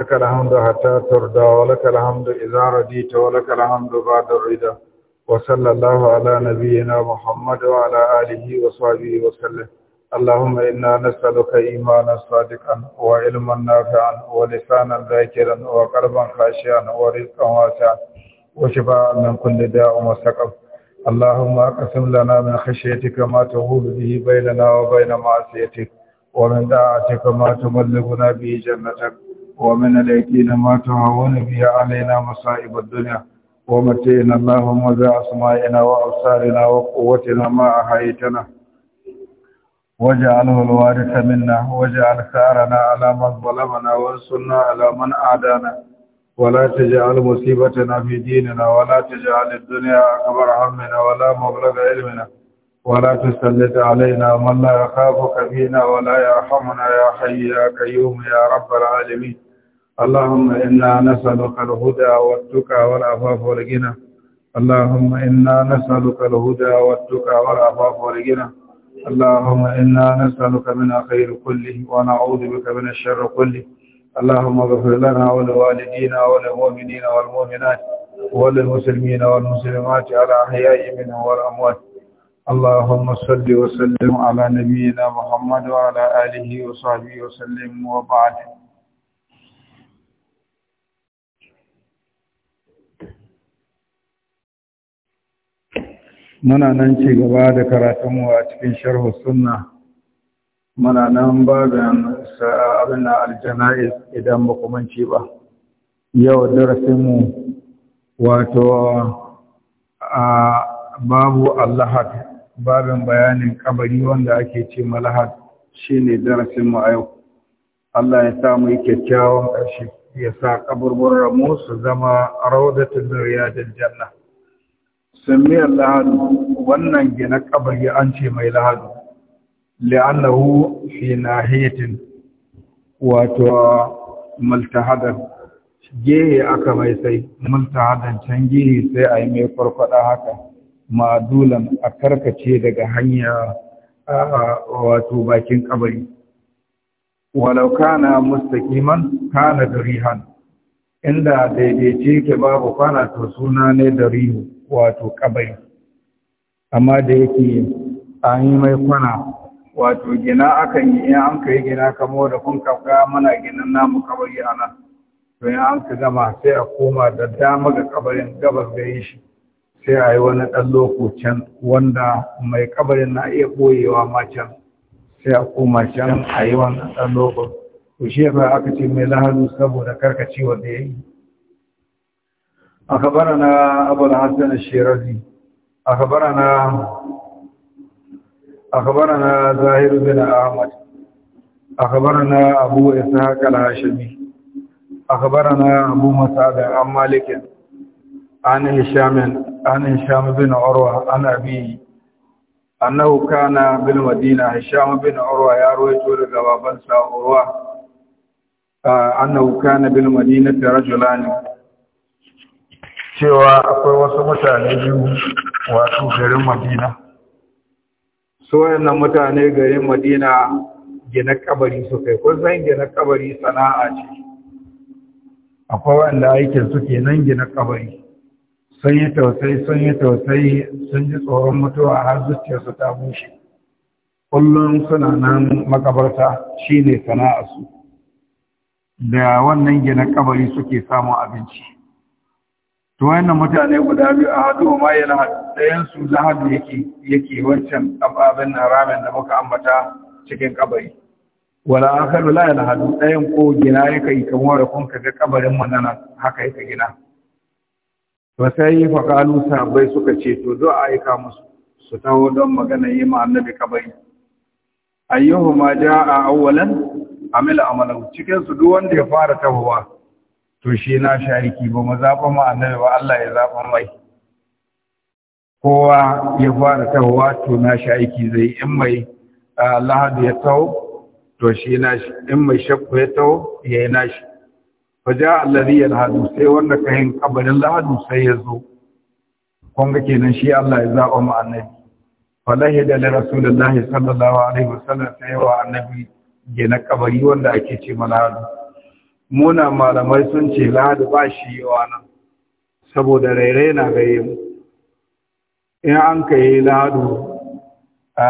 لك الحمد حتى ترضى ولك الحمد إذا رضيت ولك الحمد بعد الرضا وصلى الله على نبينا محمد وعلى آله وصحبه وسلم اللهم إنا نسألك إيمانا صادقا وعلما نافعا ولسانا ذاكرا وقلبا خاشعا ورزقا واسعا وشفاء من كل داء وسقم اللهم اقسم لنا من خشيتك ما تهول به بيننا وبين معصيتك ومن داعتك ما تبلغنا به جنتك ومن الأيتين ما تهون به علينا مصائب الدنيا ومتئنا اللهم بأسمائنا وأبصارنا وقوتنا ما أحيتنا واجعله الوارث منا واجعل ثارنا على من ظلمنا وانصرنا على من أعدانا ولا تجعل مصيبتنا في ديننا ولا تجعل الدنيا أكبر همنا ولا مبلغ علمنا ولا تسلط علينا من لا يخافك فينا ولا يرحمنا يا حي يا قيوم يا رب العالمين اللهم إنا نسألك الهدى والتقى والعفاف والغنى اللهم إنا نسألك الهدى والتقى والعفاف والغنى اللهم إنا نسألك من خير كله ونعوذ بك من الشر كله اللهم اغفر لنا ولوالدينا وللمؤمنين والمؤمنات وللمسلمين والمسلمات على أحياء منهم والأموات اللهم صل وسلم على نبينا محمد وعلى آله وصحبه وسلم وبعد muna nan ci gaba da karatunmu a cikin sharhu sunna muna nan babin abin aljana'iz idan ba kumanci ba yau darasinmu wato a babu allahat babin bayanin kabari wanda ake ce malahat shine darasinmu a yau Allah ya sa mu yi kyakkyawan ƙarshe ya sa kaburburan mu su zama raudatul riyadil janna samiyar lahadu wannan gina kabari an ce mai lahadu li'annahu fi nahiyatin wato multahadan gehe aka mai sai multahadan can gehe sai a yi mai farfada haka ma'adulan a karkace daga hanya wato bakin kabari walau kana mustaqiman kana darihan inda daidaice ke babu kwana to suna ne darihu wato kabari amma da yake an yi mai kwana wato gina akan yi in an kai gina kamo da kun kafa mana ginin namu kabari a nan to in an ka gama sai a koma da dama ga kabarin gabas da yi shi sai a yi wani ɗan lokacin wanda mai kabarin na iya ɓoyewa ma can sai a koma can a yi wani ɗan lokacin to shi yasa aka ce mai lahadu saboda karkacewa da ya yi أخبرنا أبو الحسن الشيرازي أخبرنا أخبرنا زاهر بن أحمد أخبرنا أبو إسحاق الهاشمي أخبرنا أبو مسعد عن مالك عن هشام عن هشام بن عروة عن أبيه أنه كان بالمدينة هشام بن عروة يا رويتو لقبابنسا عروة آه، أنه كان بالمدينة رجلان cewa akwai wasu mutane biyu wasu garin madina su wayannan mutane garin madina gina kabari su kai kun san gina kabari sana'a ce akwai wanda aikin su nan gina kabari sun yi tausayi sun yi tausayi sun ji tsoron mutuwa har zuciyarsu ta bushe kullum suna nan makabarta shine su. da wannan gina kabari suke samun abinci to mutane guda biyu a hadu ma yana ɗayan su yake yake wancan na haramin da muka ambata cikin kabari wala akalu la yana hadu ɗayan ko gina yake yi kamar da kun kaga kabarin mu nan haka yake gina to sai fa kalu sahabbai suka ce to a aika musu su taho don magana yi ma annabi kabari ayyuhuma jaa awwalan amila amalan cikin su duk wanda ya fara tahowa to shi na shariki ba mu zaɓa mu annabi ba Allah ya zaɓa mai kowa ya fara tahowa to na shariki zai in mai lahadu ya tau to shi na shi in mai shakku ya ta'u ya yi nashi ja allari ya lahadu sai wanda ka yin kabarin lahadu sai ya zo kun ga kenan shi Allah ya zaɓa mu annabi falahi da li rasulullahi sallallahu alaihi wasallam sai wa annabi gina na kabari wanda ake ce malahadu muna malamai sun ce lahadi ba shi yawa nan saboda rairai na gaye mu in an ka yi lahadu a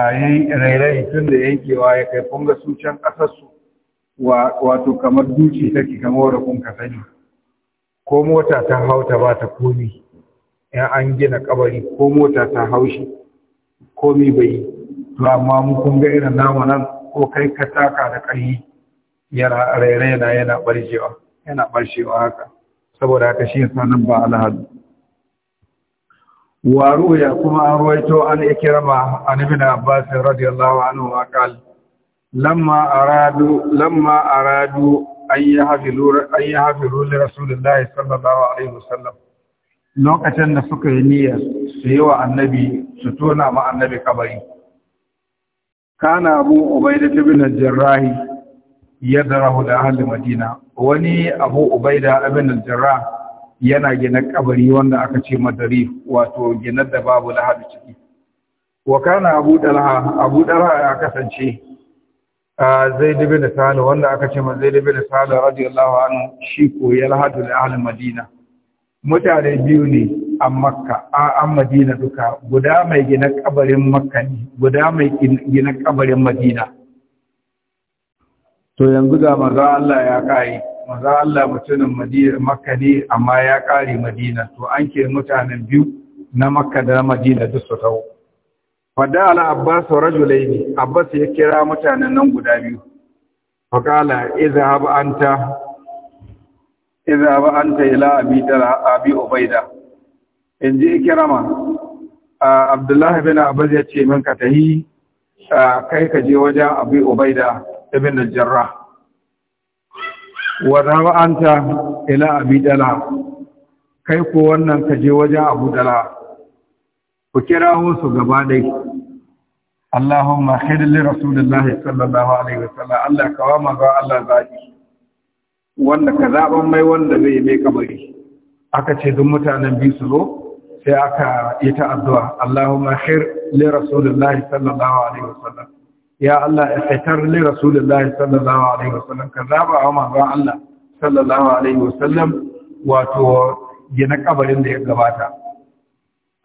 rairai tun da yankewa ya kai kunga su can kasarsu wato kamar duci take kamar wadda kun ka sani ko mota ta hauta ba ta komi in an gina kabari ko mota ta haushi komi bai yi to amma mu kunga irin nan ko kai ka taka da ƙarfi yana rairena yana barjewa yana barshewa haka saboda haka shi sanin ba alhadu wa ya kuma an ruwaito an ikrama an ibn abbas radiyallahu anhu wa qal lamma aradu lamma aradu an yahfilu an yahfilu li sallallahu alaihi wasallam lokacin da suka yi niyya su yi wa annabi su tona ma annabi kabari kana abu ubaidah ibn jarrahi yadrahu da ahli madina wani abu ubaida ibn al-jarrah yana gina kabari wanda aka ce madari wato ginar da babu lahadu ciki wa kana abu dalha abu dalha ya kasance zaid ibn sal wanda aka ce zaid ibn sal radiyallahu anhu shi ko ya lahadu da ahli madina mutane biyu ne a makka a an madina duka guda mai gina kabarin makka ne guda mai gina kabarin madina to yanzu ga maza Allah ya kare maza Allah mutumin Madina Makka ne amma ya kare Madina to an ke mutanen biyu na Makka da Madina duk su tawo fada ala Abbas rajulaini Abbas ya kira mutanen nan guda biyu faqala izhab anta izhab anta ila abi dala abi ubaida inji kirama. Abdullahi bin Abbas ya ce min ka tahi kai ka je wajen abi ubaida ibn al ina wa dawa anta kai ko wannan ka je wajen abu dala ku kirawo su gaba dai Allahumma khir li rasulillahi sallallahu alaihi wasallam Allah ka wa manzo Allah zaki wanda ka zaban mai wanda zai mai kabari aka ce duk mutanen biyu su sai aka yi ta addu'a Allahumma sallallahu alaihi ya Allah ya fitar ne rasulullahi sallallahu alaihi wasallam ka zaba wa manzon Allah sallallahu alaihi wasallam wato gina kabarin da ya gabata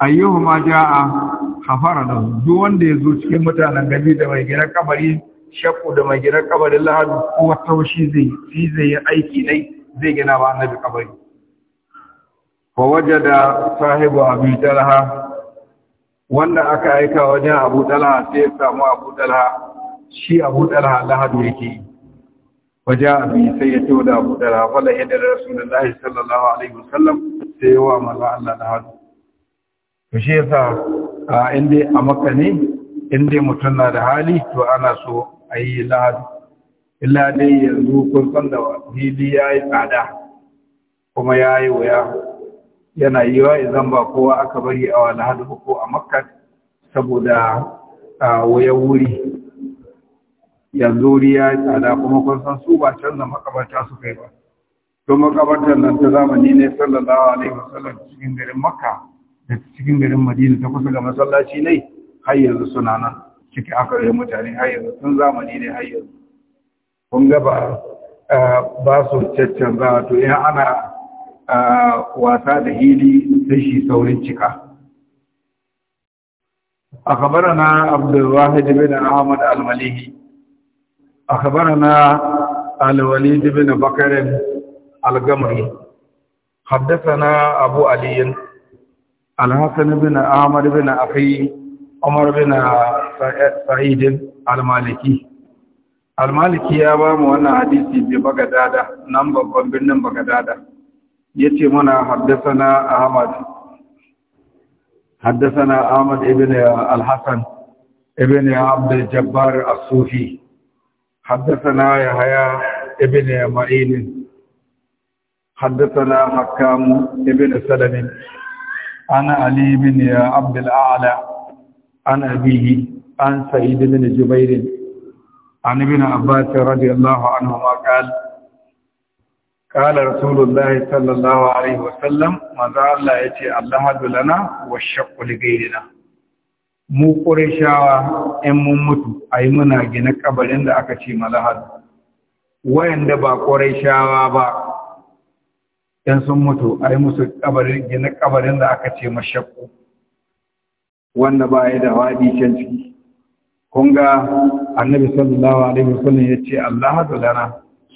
Ayyuhu ma jaa hafara da duk wanda ya zo cikin mutanen gari da mai gina kabari shakku da mai gina kabarin lahadu ko taushi zai shi zai yi aiki dai zai gina ba annabi kabari fa wajada sahibu abi talha wanda aka aika wajen abu talha sai ya samu abu talha shi abu talha lahadu yake waje abu sai ya ce da abu talha fala hidda da rasulullahi sallallahu alaihi wasallam sai wa maza Allah lahadu to shi yasa a inda a makka ne inda mutum na da hali to ana so a yi lahadu illa dai yanzu kun san da fili ya yi tsada kuma ya yi wuya yana yiwa idan ba kowa aka bari a hadu ko a makka saboda wayan wuri yanzu riya tsada kuma kun san su ba canza makabarta su kai ba don makabartar nan ta zamani ne sallallahu alaihi wasallam cikin garin makka da cikin garin madina ta kusa ga masallaci ne har yanzu suna nan ciki aka yi mutane har yanzu sun zamani ne har yanzu kun ga ba su caccanza to in ana a wasa da hili sai shi saurin cika a kabara na abdullahi bin Ahmadu al-malihi a kabara na al-walid bin al-gamri haddathana abu ali al-hasan bin ahmad bin afi umar bin sa'id al-maliki al-maliki ya ba mu wannan hadisi bi bagadada nan babban birnin dada. yace mana haddathana ahmad haddathana ahmad ibn al-hasan ibn abd al-jabbar as-sufi haddathana yahya ibn ma'in haddathana hakam ibn salam ana ali ibn abd al-a'la an abihi an sa'id ibn jubair an ابن Abbas رضي Anhu عنهما قال Kala Rasulullahi sallallahu Alaihi wasallam, maza Allah ya ce, Allah hadu lana wa shakul gairina. Mu shawa ‘yan mun mutu, a yi muna gina ƙabarin da aka ce malahadu. Wayanda ba shawa ba, ‘yan sun mutu, a yi musu gina ƙabarin da aka ce mashakku, wanda ba ya da waɗi can ciki. Kunga, annabi sallallahu Alaihi wasallam ya ce, Allah hadu lana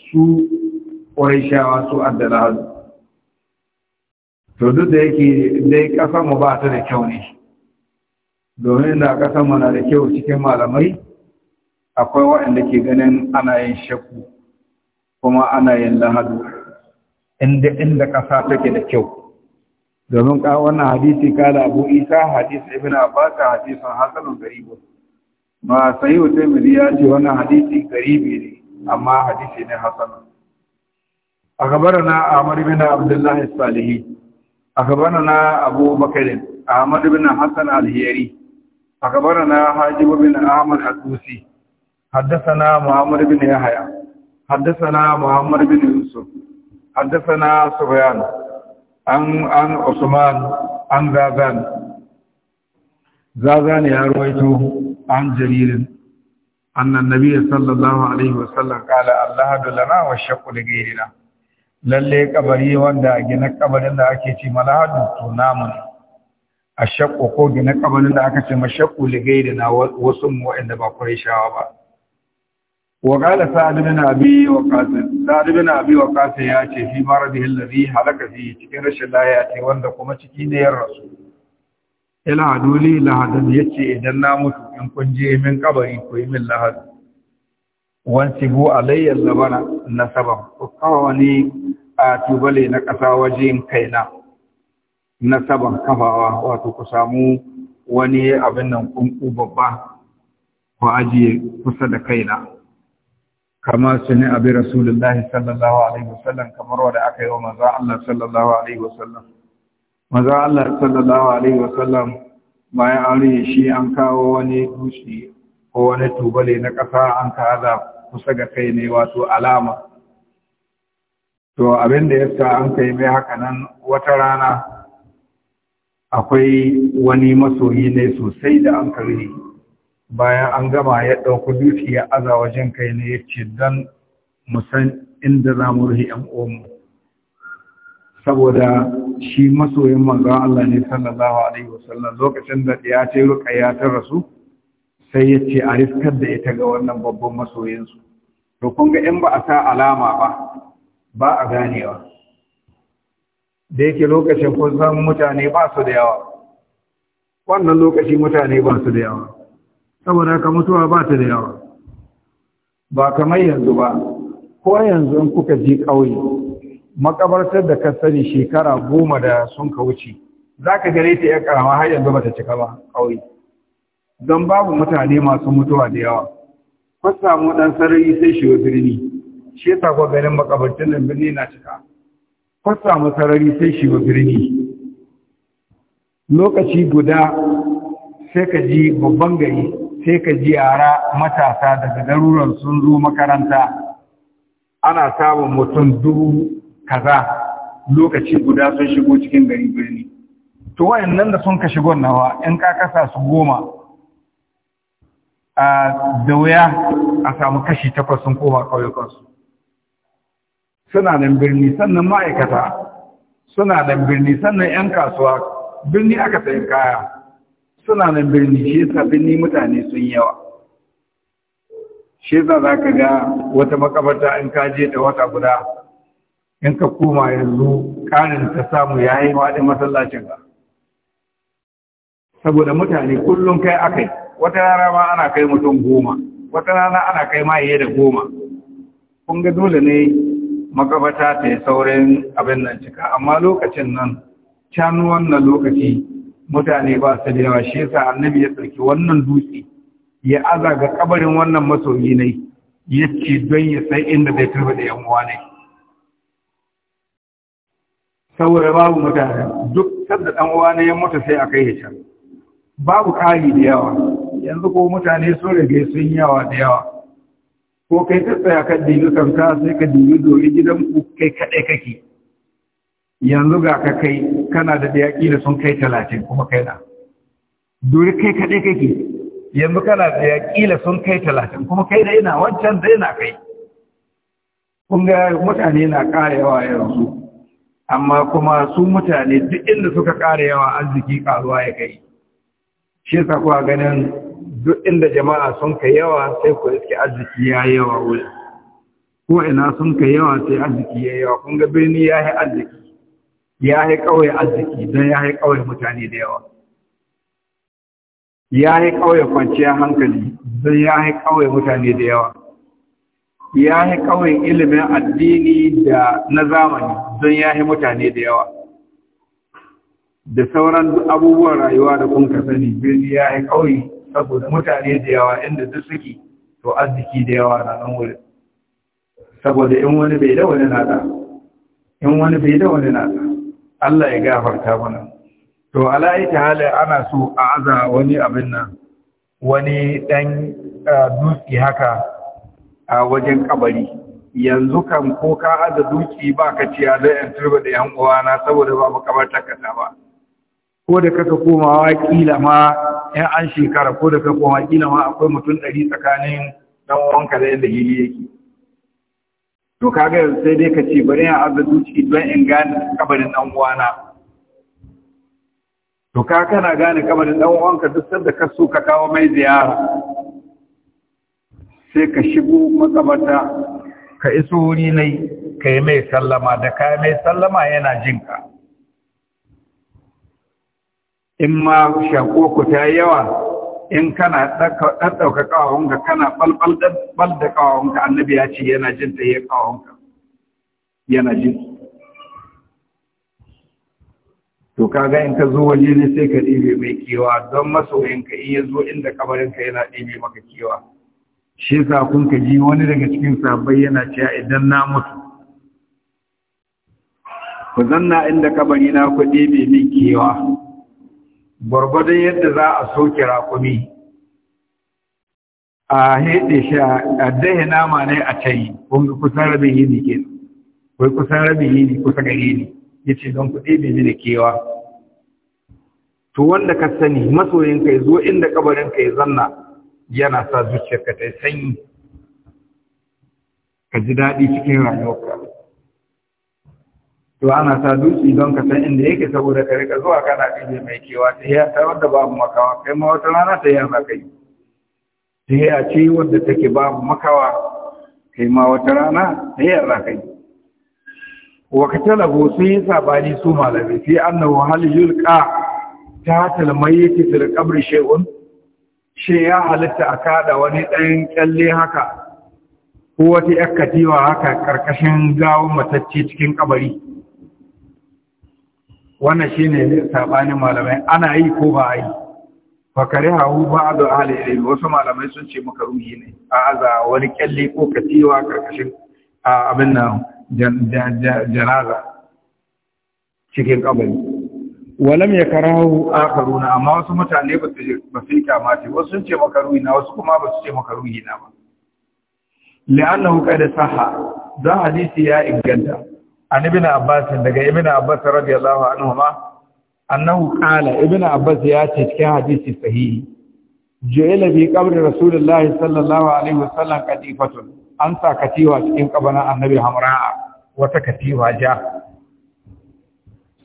su ƙwarishawa su addana hazu to duk da yake dai ƙasarmu ba ta da kyau ne domin da ƙasarmu na da kyau cikin malamai akwai waɗanda ke ganin ana yin shakku kuma ana yin lahadu inda inda ƙasa take da kyau domin ka wannan hadisi da abu isa hadisi ibn abbas hadisin hasanun garibu ma sahihu taimiri ya ce wannan hadisi garibi ne amma hadisi ne hasanun أخبرنا عمر بن عبد الله الصالحي أخبرنا أبو بكر أحمد بن حسن الهيري أخبرنا حاجب بن أحمد الطوسي حدثنا محمد بن يحيى حدثنا محمد بن يوسف حدثنا سفيان عن عن عثمان عن زازان زازان يا رويتو عن جرير أن النبي صلى الله عليه وسلم قال الله دلنا والشق لغيرنا lalle kabari wanda a gina kabarin da ake ce malahadu to namu a shakko ko gina kabarin da aka ce mashakku ligai da na wasu mu waɗanda ba shawa ba wa qala sa'd ibn abi waqas sa'd ibn abi qasim ya ce fi maradi alladhi halaka fi cikin rashin lafiya ce wanda kuma ciki ne ya rasu ila la hadan yace idan na mutu in kun je min kabari ko min lahadu wanci hu alayyar labana na saban ku kawo wani a tubale na ƙasa wajen kaina na saban kafawa wato ku samu wani abin nan ku babba ku ajiye kusa da kaina kama su ne abin rasulullahi sallallahu alaihi wasallam kamar wanda aka yi wa maza Allah sallallahu alaihi wasallam maza Allah sallallahu alaihi wasallam bayan aure shi an kawo wani dushi ko wani tubale na ƙasa an ka haza kusa ga kai ne wato alama to abin da yasa an kai mai haka nan wata rana akwai wani masoyi ne sosai da an karni bayan an gama ya ɗauki ya aza wajen kai ne ya ce don musan inda za mu rufe mu uwanmu saboda shi masoyin manzan Allah ne sallallahu Alaihi wasallam lokacin da ya ce ruka ta rasu sai ya ce a riskar da ita ga wannan babban masoyinsu to kun ga in ba a sa alama ba ba a ganewa da yake lokacin kun san mutane ba su da yawa wannan lokaci mutane ba su da yawa saboda ka mutuwa ba ta da yawa ba kamar yanzu ba ko yanzu in kuka ji ƙauye makabartar da ka sani shekara goma da sun ka wuce za ka gare ta ya karama har yanzu ba ta cika ba ƙauye don babu mutane masu mutuwa da yawa kun samu ɗan sarari sai shi wa birni shi yasa kuwa ganin makabarcin nan birni na cika kun samu sarari sai shi wa birni lokaci guda sai ka ji babban gari sai ka ji yara matasa daga garuruwan sun zo makaranta ana samun mutum dubu kaza lokaci guda sun shigo cikin gari birni to nan da sun ka shigo nawa in ka kasa su goma da wuya a samu kashi takwas sun koma ƙauyukansu suna nan birni sannan ma'aikata suna nan birni sannan 'yan kasuwa birni aka sayi kaya suna nan birni shi yasa birni mutane sun yawa shi yasa za ka ga wata makabarta in ka je da wata guda in ka koma yanzu ƙarin ta samu ya yi waɗin masallacin ka saboda mutane kullum kai akai wata rana ma ana kai mutum goma wata rana ana kai ma da goma kun ga dole ne makabata ta yi saurin abin nan cika amma lokacin nan can wannan lokaci mutane ba su da yawa shi yasa annabi ya tsarki wannan dutse ya aza ga kabarin wannan masoyi ne ya ce don ya san inda zai turba da yan uwa ne saboda babu mutane duk sadda dan uwa ya mutu sai a kai ya can babu ƙari da yawa yanzu ko mutane sun rage sun yawa da yawa ko kai ta tsaya ka dibi kanka sai ka dibi domin gidan ku kai kaɗai kake yanzu ga ka kai kana da yaƙi da sun kai talatin kuma kai na dori kai kaɗai kake yanzu kana da yaƙi da sun kai talatin kuma kai da ina wancan da ina kai kun ga mutane na ƙara yawa yanzu amma kuma su mutane duk inda suka ƙara yawa arziki ƙaruwa ya kai shi yasa kuwa ganin duk inda jama'a sun kai yawa sai ku iske arziki ya yi yawa wuri ko ina sun kai yawa sai arziki ya yawa kun ga birni ya yi arziki ya yi kawai arziki don ya yi kawai mutane da yawa ya yi ƙauye kwanciyar hankali don ya yi kawai mutane da yawa ya yi kawai ilimin addini da na zamani don ya yi mutane da yawa da sauran abubuwan rayuwa da kun ka sani birni ya yi ƙauri saboda mutane da yawa inda duk suke to arziki da yawa na nan wurin saboda in wani bai da wani nada in wani bai da wani nada Allah ya gafarta mana to ala ita halin ana so a aza wani abin nan wani dan dutse haka a wajen kabari yanzu kan ko ka aza duki ba ka ciya da yan turba da yan uwana saboda ba kamar takata ba ko da kaka komawa kila ma yan an shekara ko da kaka komawa kila ma akwai mutum ɗari tsakanin dan uwanka da yadda hili yake to kaga yanzu sai dai ka ce bari yan arziki ciki don in gane kabarin ɗan uwana to ka kana gane kabarin ɗan uwanka duk sanda ka so ka kawo mai ziyara sai ka shigo makabarta ka iso wuri nai ka yi mai sallama da ka yi mai sallama yana jinka in ma shaƙoku ta yawa in kana ɗaɗɗauka ƙawonka kana ɓalɓal da ƙawonka annabi ya ce yana jin ta yi ƙawonka yana jin to kaga in ka zo waje ne sai ka ɗibe mai kewa don masoyinka in ya zo inda kabarinka yana ɗibe maka kewa shi sa kun ka ji wani daga cikin sabai yana cewa idan na mutu ku zanna inda kabari na ku ɗibe mai kewa gwargwadon yadda za a soke raƙumi a haɗe shi a dahe nama ne a tayi kusan rabin ne ke kai kusan rabin yi ne kusa gari ni ya ce don kuɗi bai ji da kewa to wanda ka sani masoyinka ya zo inda kabarinka ya zanna yana sa zuciyarka ta sanyi ka ji daɗi cikin rayuwarka to ana sa dutse don ka san inda yake saboda ka rika zuwa kana ɗibe mai kewa ta yi ta wadda babu makawa kai ma wata rana ta yi za ka yi ta yi a ce wadda take babu makawa kai ma wata rana ta yi za ka yi wa sun yi sabani su malamai fi annahu hal yulqa ta yake tsira kabri shay'un shi ya halitta a kada wani ɗan kyalle haka ko wata yakatiwa haka karkashin gawon matacce cikin kabari wannan shine sabanin malamai ana yi ko ba a yi kare hahu ba a da ahli wasu malamai sun ce maka ruhi ne a aza wani kyalle ko katiwa karkashin abin nan janaza cikin kabari walam ya a karuna amma wasu mutane ba su yi su wasu sun ce maka ruhi na wasu kuma ba su ce maka ruhi na ba la'annahu qad saha? da hadisi ya inganta an ibn abbas daga Ibina abbas radiyallahu anhu ma annahu qala Ibina abbas ya ce cikin hadisi sahihi ju'ila bi qabri rasulillahi sallallahu alaihi wasallam katifatun an sa katiwa cikin kabana annabi hamra'a wata katiwa ja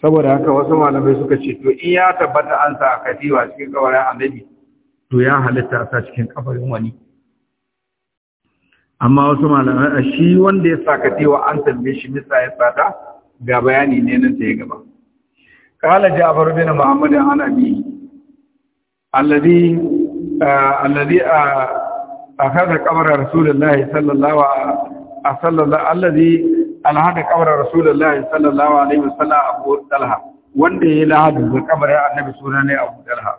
saboda haka wasu malamai suka ce to in ya tabbata an sa katiwa cikin kabarin annabi to ya halitta sa cikin kabarin wani amma wasu malamai shi wanda ya saka cewa an tambaye shi misa ya sata ga bayani ne nan ya gaba Kala ja'far bin muhammad an abi alladhi ah, alladhi akhadha ah, qabra rasulullah sallallahu alaihi wasallam alladhi alhada qabra rasulullah sallallahu alaihi wasallam abu talha wanda ya lahadu ga kabarin annabi suna ne abu talha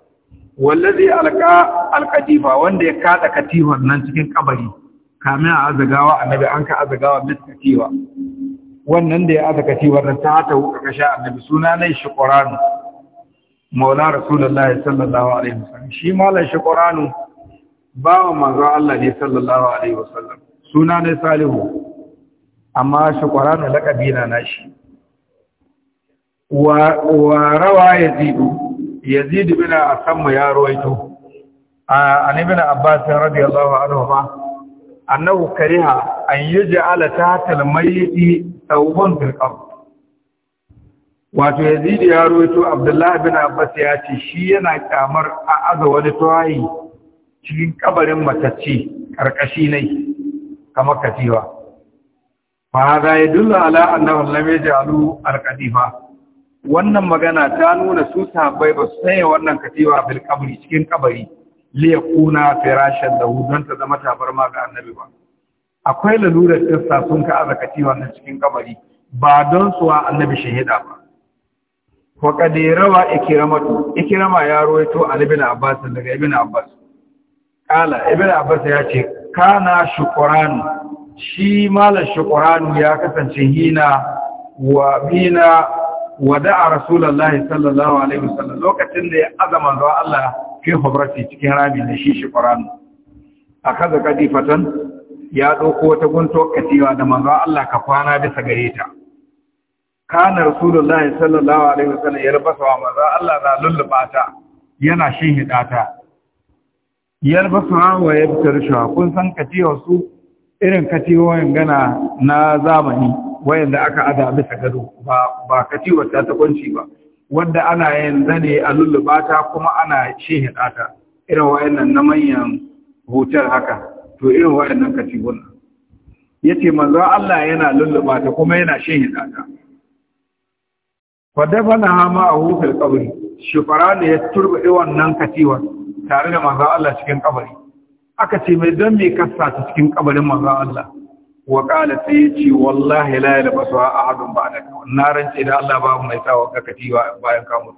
wallazi alqa alqatifa wanda ya kada katifan nan cikin kabari kamin a azagawa annabi an ka azagawa cewa wannan da ya cewa nan ta hata kasha annabi suna ne shi ƙoranu maula rasulullahi sallallahu alaihi wasallam shi malam shi ƙoranu wa manzo Allah ne sallallahu alaihi wasallam suna ne salihu amma shi ƙoranu laƙabi na nashi wa rawa yazidu yazidu bin asamma ya ruwaito a anibin abbasin radiyallahu anhu ma annahu kariha an yaj'ala tahtal mayyiti thawban fil ard wato yazidi ya rawaito abdullahi bin abbas ya ce shi yana kamar a aza wani tawayi cikin kabarin matacce karkashi ne kamar katiwa fa hada yadullu ala annahu lam yaj'alu al wannan magana ta nuna su sahabbai ba su sanya wannan katiwa bil kabri cikin kabari liyakuna firashan da don ta zama tabarma ga annabi ba akwai lalurar tsirsa sun ka azakati wannan cikin kabari ba don suwa annabi shahida ba wa kadirawa ikiramatu ikirama ya roito an ibn abbas daga ibn abbas kala ibn abbas ya ce kana shukran shi mala shukran ya kasance hina wa bina wada rasulullahi sallallahu alaihi wasallam lokacin da ya azama zuwa Allah fi hubrati cikin rami na shi shi ƙoranu a kaza kadifatan ya ɗauko wata gunto katiwa da manzo Allah ka kwana bisa gare ta kana rasulullahi sallallahu alaihi wasallam ya rubasa wa manzo Allah na lulluba ta yana shin hida ta wa kun san katiwa su irin katiwoyin gana na zamani wayanda aka ada bisa gado ba ba katiwa ta ta kunci ba wadda ana yin zane a lullubata kuma ana shehin ta irin wa'annan na manyan hotel haka to irin wa'annan katibuna yace manzo Allah yana lullubata kuma yana shehin ta fa dafana hama a hufil kabari shufara ne ya turbe wannan katiwa tare da manzo Allah cikin kabari aka ce mai don me kasa ta cikin kabarin manzo Allah wa qala sai ce wallahi la a ahadun ba'dak na rance da Allah babu mai sa ka katiwa bayan kamun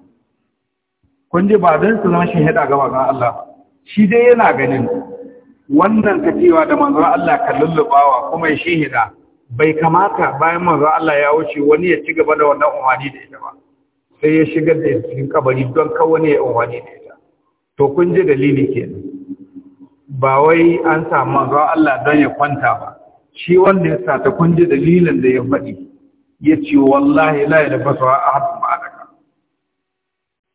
kun ji ba zan su zama shahida ga Allah shi dai yana ganin wannan katiwa da manzon Allah ka lullubawa kuma shahida bai kamata bayan manzon Allah ya wuce wani ya ci gaba da wannan umarni da ita ba sai ya shigar da cikin kabari don wani ya umarni da ita to kun ji dalili kenan ba wai an samu manzon Allah don ya kwanta ba shi wanda ya sa ta ji dalilin da ya faɗi ya ce wallahi la da fasawa a hadin ma'adaka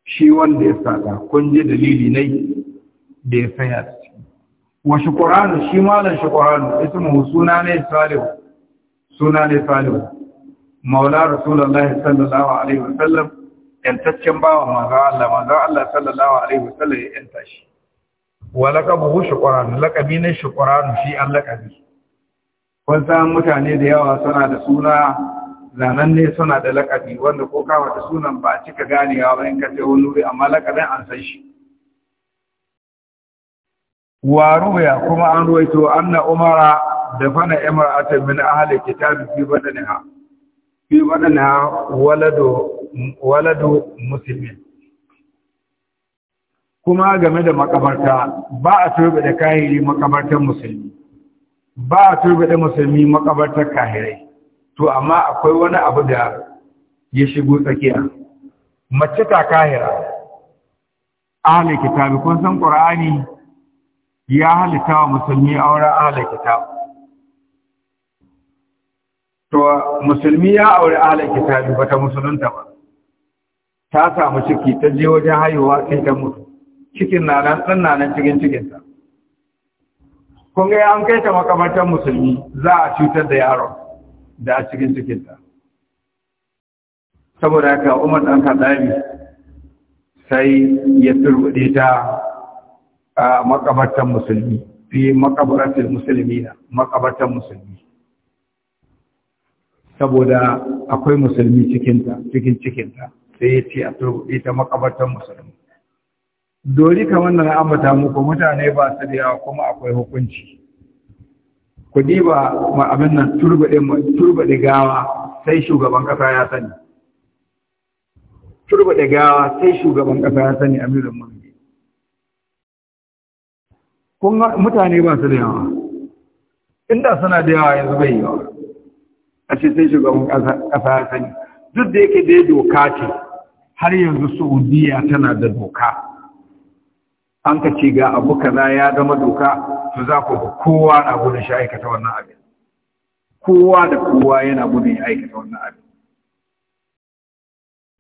shi wanda ya sa ta ji dalili ne da ya saya da ciki wa shukuranu shi malam shukuranu mu suna ne salihu suna ne salihu maula rasulullahi sallallahu alaihi wasallam yantaccen bawa maza Allah maza Allah sallallahu alaihi wasallam ya yanta shi wa laqabuhu shukuranu lakabi ne shukuranu shi an laqabi kun san mutane da yawa suna da suna zanen ne suna da lakabi wanda ko ka wata sunan ba a cika gane ba in ka wani wuri amma lakabin an san shi wa kuma an ruwaito anna umara da fana imra'atan min ahli kitabi fi badaniha fi badaniha waladu waladu muslimin kuma game da makabarta ba a tobe da kahiri makabartar musulmi ba a da musulmi makabartar kahirai to amma akwai wani abu da ya shigo tsakiya mace ta kahira ahalar kitabi kun san ƙura'ani ya halitta wa musulmi auren ahalar kitabi to musulmi ya aure ahalar kitabi bata musulunta ba ta samu ciki ta je wajen haihuwa sai ta mutu cikin na nan ɗan cikin cikinta kunga ya an kai ta makamantar musulmi za a cutar da yaron da a cikin cikinta saboda haka umar ɗan kaɗari sai ya turbuɗe ta a makamantar musulmi fi makamantar musulmi na makamantar musulmi saboda akwai musulmi cikinta cikin cikinta sai ya ce a turbuɗe ta makamantar musulmi dori kamar da na ambata muku mutane ba su da yawa kuma akwai hukunci ku diba ma abin nan turbaɗe gawa sai shugaban ƙasa ya sani turbaɗe gawa sai shugaban ƙasa ya sani amirin mulki kun mutane ba su da yawa inda suna da yawa yanzu bai yawa a ce sai shugaban ƙasa ya sani duk da yake da doka ce har yanzu saudiya tana da doka an ka ce ga abu kaza ya zama doka to za ku ga kowa na gudun shi aikata wannan abin kowa da kowa yana gudun ya aikata wannan abin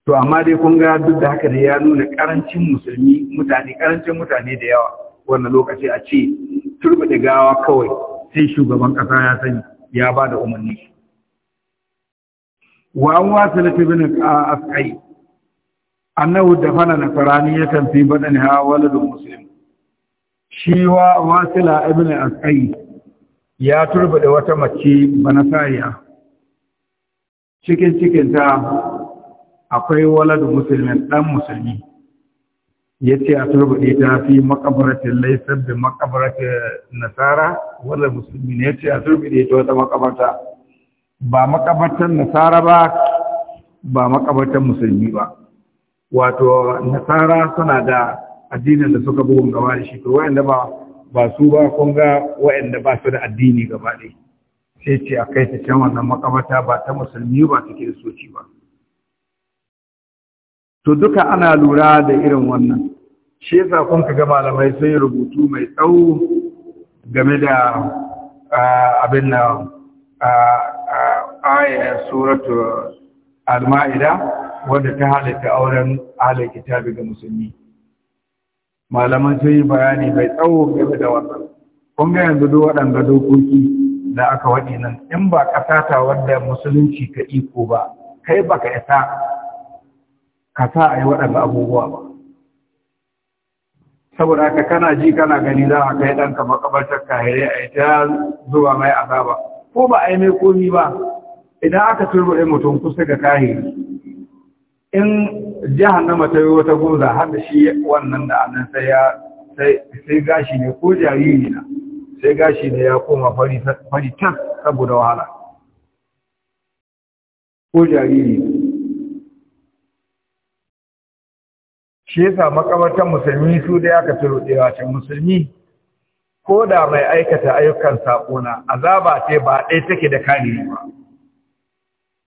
to amma dai kun ga duk da haka da ya nuna karancin musulmi mutane karancin mutane da yawa wannan lokaci a ce turbi da gawa kawai sai shugaban kasa ya sani ya ba da umarni wa an wasu na tabi na annahu dafana ya yakan fi badaniha waladun muslim shi wa wasila ibn asai ya da wata mace banasariya cikin cikin ta akwai waladun muslimin dan musulmi ya ce a turbade ta fi makabaratin laisar da makabaratin nasara wadda musulmi ne ya ce a turbade ta wata makabarta ba makabartan nasara ba ba makabartan musulmi ba wato nasara suna da addinin da suka bugun gaba da shi to wa'anda ba ba su ba kun ga wayanda ba su da addini gaba ɗaya sai ce a kai ta can wannan makamata ba ta musulmi ba da soci ba to duka ana lura da irin wannan shi yasa kun ga malamai sun yi rubutu mai tsawo game da abin na ayar suratu al-ma'ida wanda ta halitta auren ahalar kitabi ga musulmi malaman sun yi bayani mai tsawo game da wannan kun ga yanzu duk waɗanda dokoki da aka waɗi nan in ba ƙasa ta wadda musulunci ka iko ba kai ba ka isa ka sa a yi waɗanda abubuwa ba saboda haka kana ji kana gani za a kai ɗanka makabartar kahiri a ita zuwa mai azaba ko ba a yi mai komi ba idan aka turbe mutum kusa ga kahiri in jahannama ta yi wata gunza har da shi wannan da annan sai ya sai gashi ne ko jariri na sai gashi ne ya koma fari tas saboda wahala ko jariri shi yasa makabartan musulmi su da ya kafi rudewa ce musulmi ko da mai aikata ayyukan saƙona azaba ce ba ɗaya take da kare ba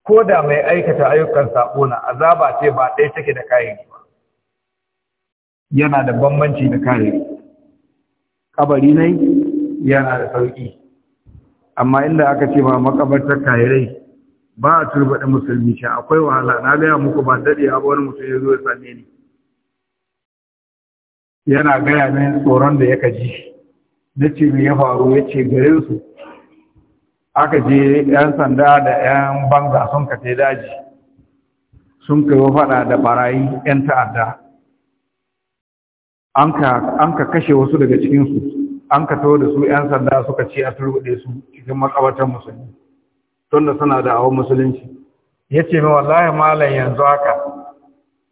ko da mai aikata ayyukan saƙo na azaba ce ba ɗaya take da kayayyaki ba yana da bambanci da kayayyaki kabari ne yana da sauƙi. amma inda aka ce ba makabartar kayayyaki ba a turbaɗa musulmi shi akwai wahala na gaya muku ba daɗe a wani mutum ya zo ya sanne ni yana gaya min tsoron da ya kaji na ce me ya faru ya ce garinsu aka je 'yan sanda da 'yan banza sun kace daji sun kai faɗa da barayi 'yan ta'adda an ka kashe wasu daga cikinsu an ka tawo da su 'yan sanda suka ce a turbuɗe su cikin makabatan musulmi tun da suna da awon musulunci ya ce mai wallahi malam yanzu haka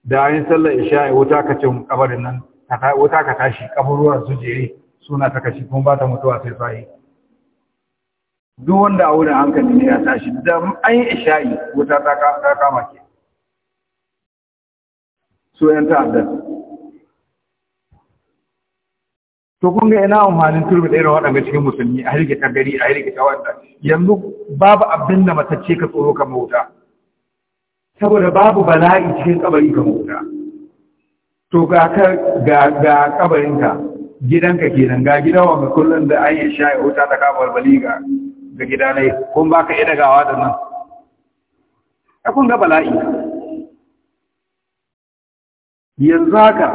da an yi sallar isha'i wuta ka ce kabarin nan wuta ka tashi kaburuwar su jere suna ta kashi kuma ba ta mutuwa sai sahi duk wanda a wurin hankali ne ya tashi da an yi wuta ta kama ke so yan ta'addar to kun ga ina amfanin turbi da irin waɗanda cikin musulmi a harike ta gari a harike ta wanda yanzu babu abin da matacce ka tsoro kan wuta saboda babu bala'i cikin kabari kan wuta to ga ka ga kabarinka gidanka kenan ga gidawa mai kullum da an yi sha'i wuta ta kama baliga ga gida ne kun ba ka iya gawa da nan a kun ga bala'i yanzu haka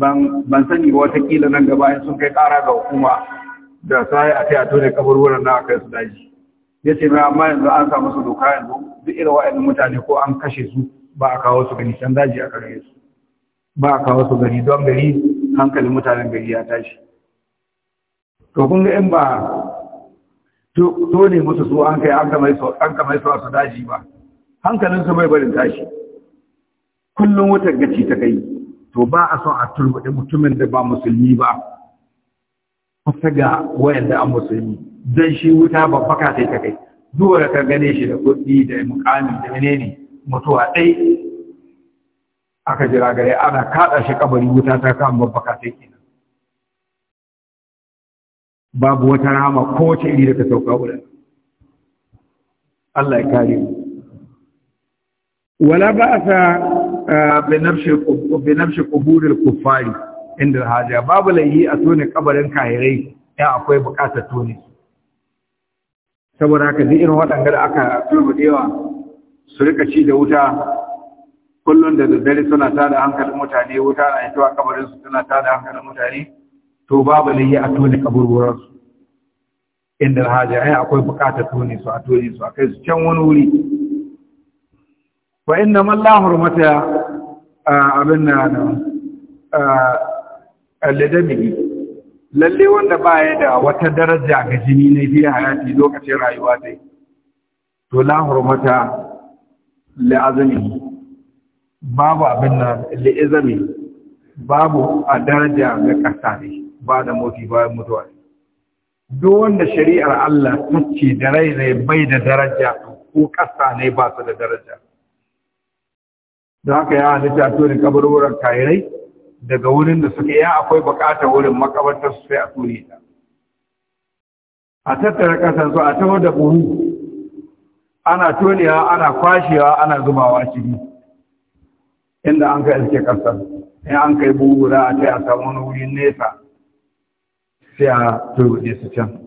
ban sani watakila nan gaba in sun kai kara ga hukuma da sai a taya tone kaburburan na kai su daji ya ce mai amma yanzu an samu su doka yanzu duk irin wa'annan mutane ko an kashe su ba a kawo su gani can daji a karye su ba a kawo su gari don gari hankalin mutanen gari ya tashi to kun ga in ba tone musu su an kai an kama yi daji ba hankalinsu bai barin tashi kullum wutar gaci ta kai to ba a son a turbaɗe mutumin da ba musulmi ba kusa ga wayanda an musulmi don shi wuta babbaka sai ta kai zuwa da ka gane shi da kuɗi da mukami da ne mutuwa ɗai aka jira gare ana kaɗa shi kabari wuta ta kama babbaka sai babu wata rama ko wace iri da ta sauka wurin Allah ya kare mu wala ba sa eh, binafshi kuburin kufari inda hajiya babu laihi a tone kabarin kahirai ya akwai bukatar tone saboda haka zai irin waɗanda da aka yawa su rika ci da wuta kullum da daddare suna tada hankalin mutane wuta na ita a kabarin su suna tada hankalin mutane to babu lahi a tone kaburburansu inda haja ai akwai bukata tone su a tone su a kai su can wani wuri fa inna man la hurmata abin na alladami lalle wanda ba ya da wata daraja ga jini ne fi hayati lokacin rayuwa dai to la hurmata li azmi babu abin nan li azmi babu a daraja ga kasa ne ba da moti bayan mutuwa duk wanda shari'ar Allah ta da rai ne bai da daraja ko ƙasa ne ba su da daraja da haka ya halitta a tori kabarwuran kayanai daga wurin da suke ya akwai bukatar wurin makabartar su sai a tori ta a tattara ƙasar su a taho da buhu ana tonewa ana kwashewa ana zubawa ciki inda an ka iske ƙasar in an kai buhu za a ce a samu wani wuri nesa sai a turgude su can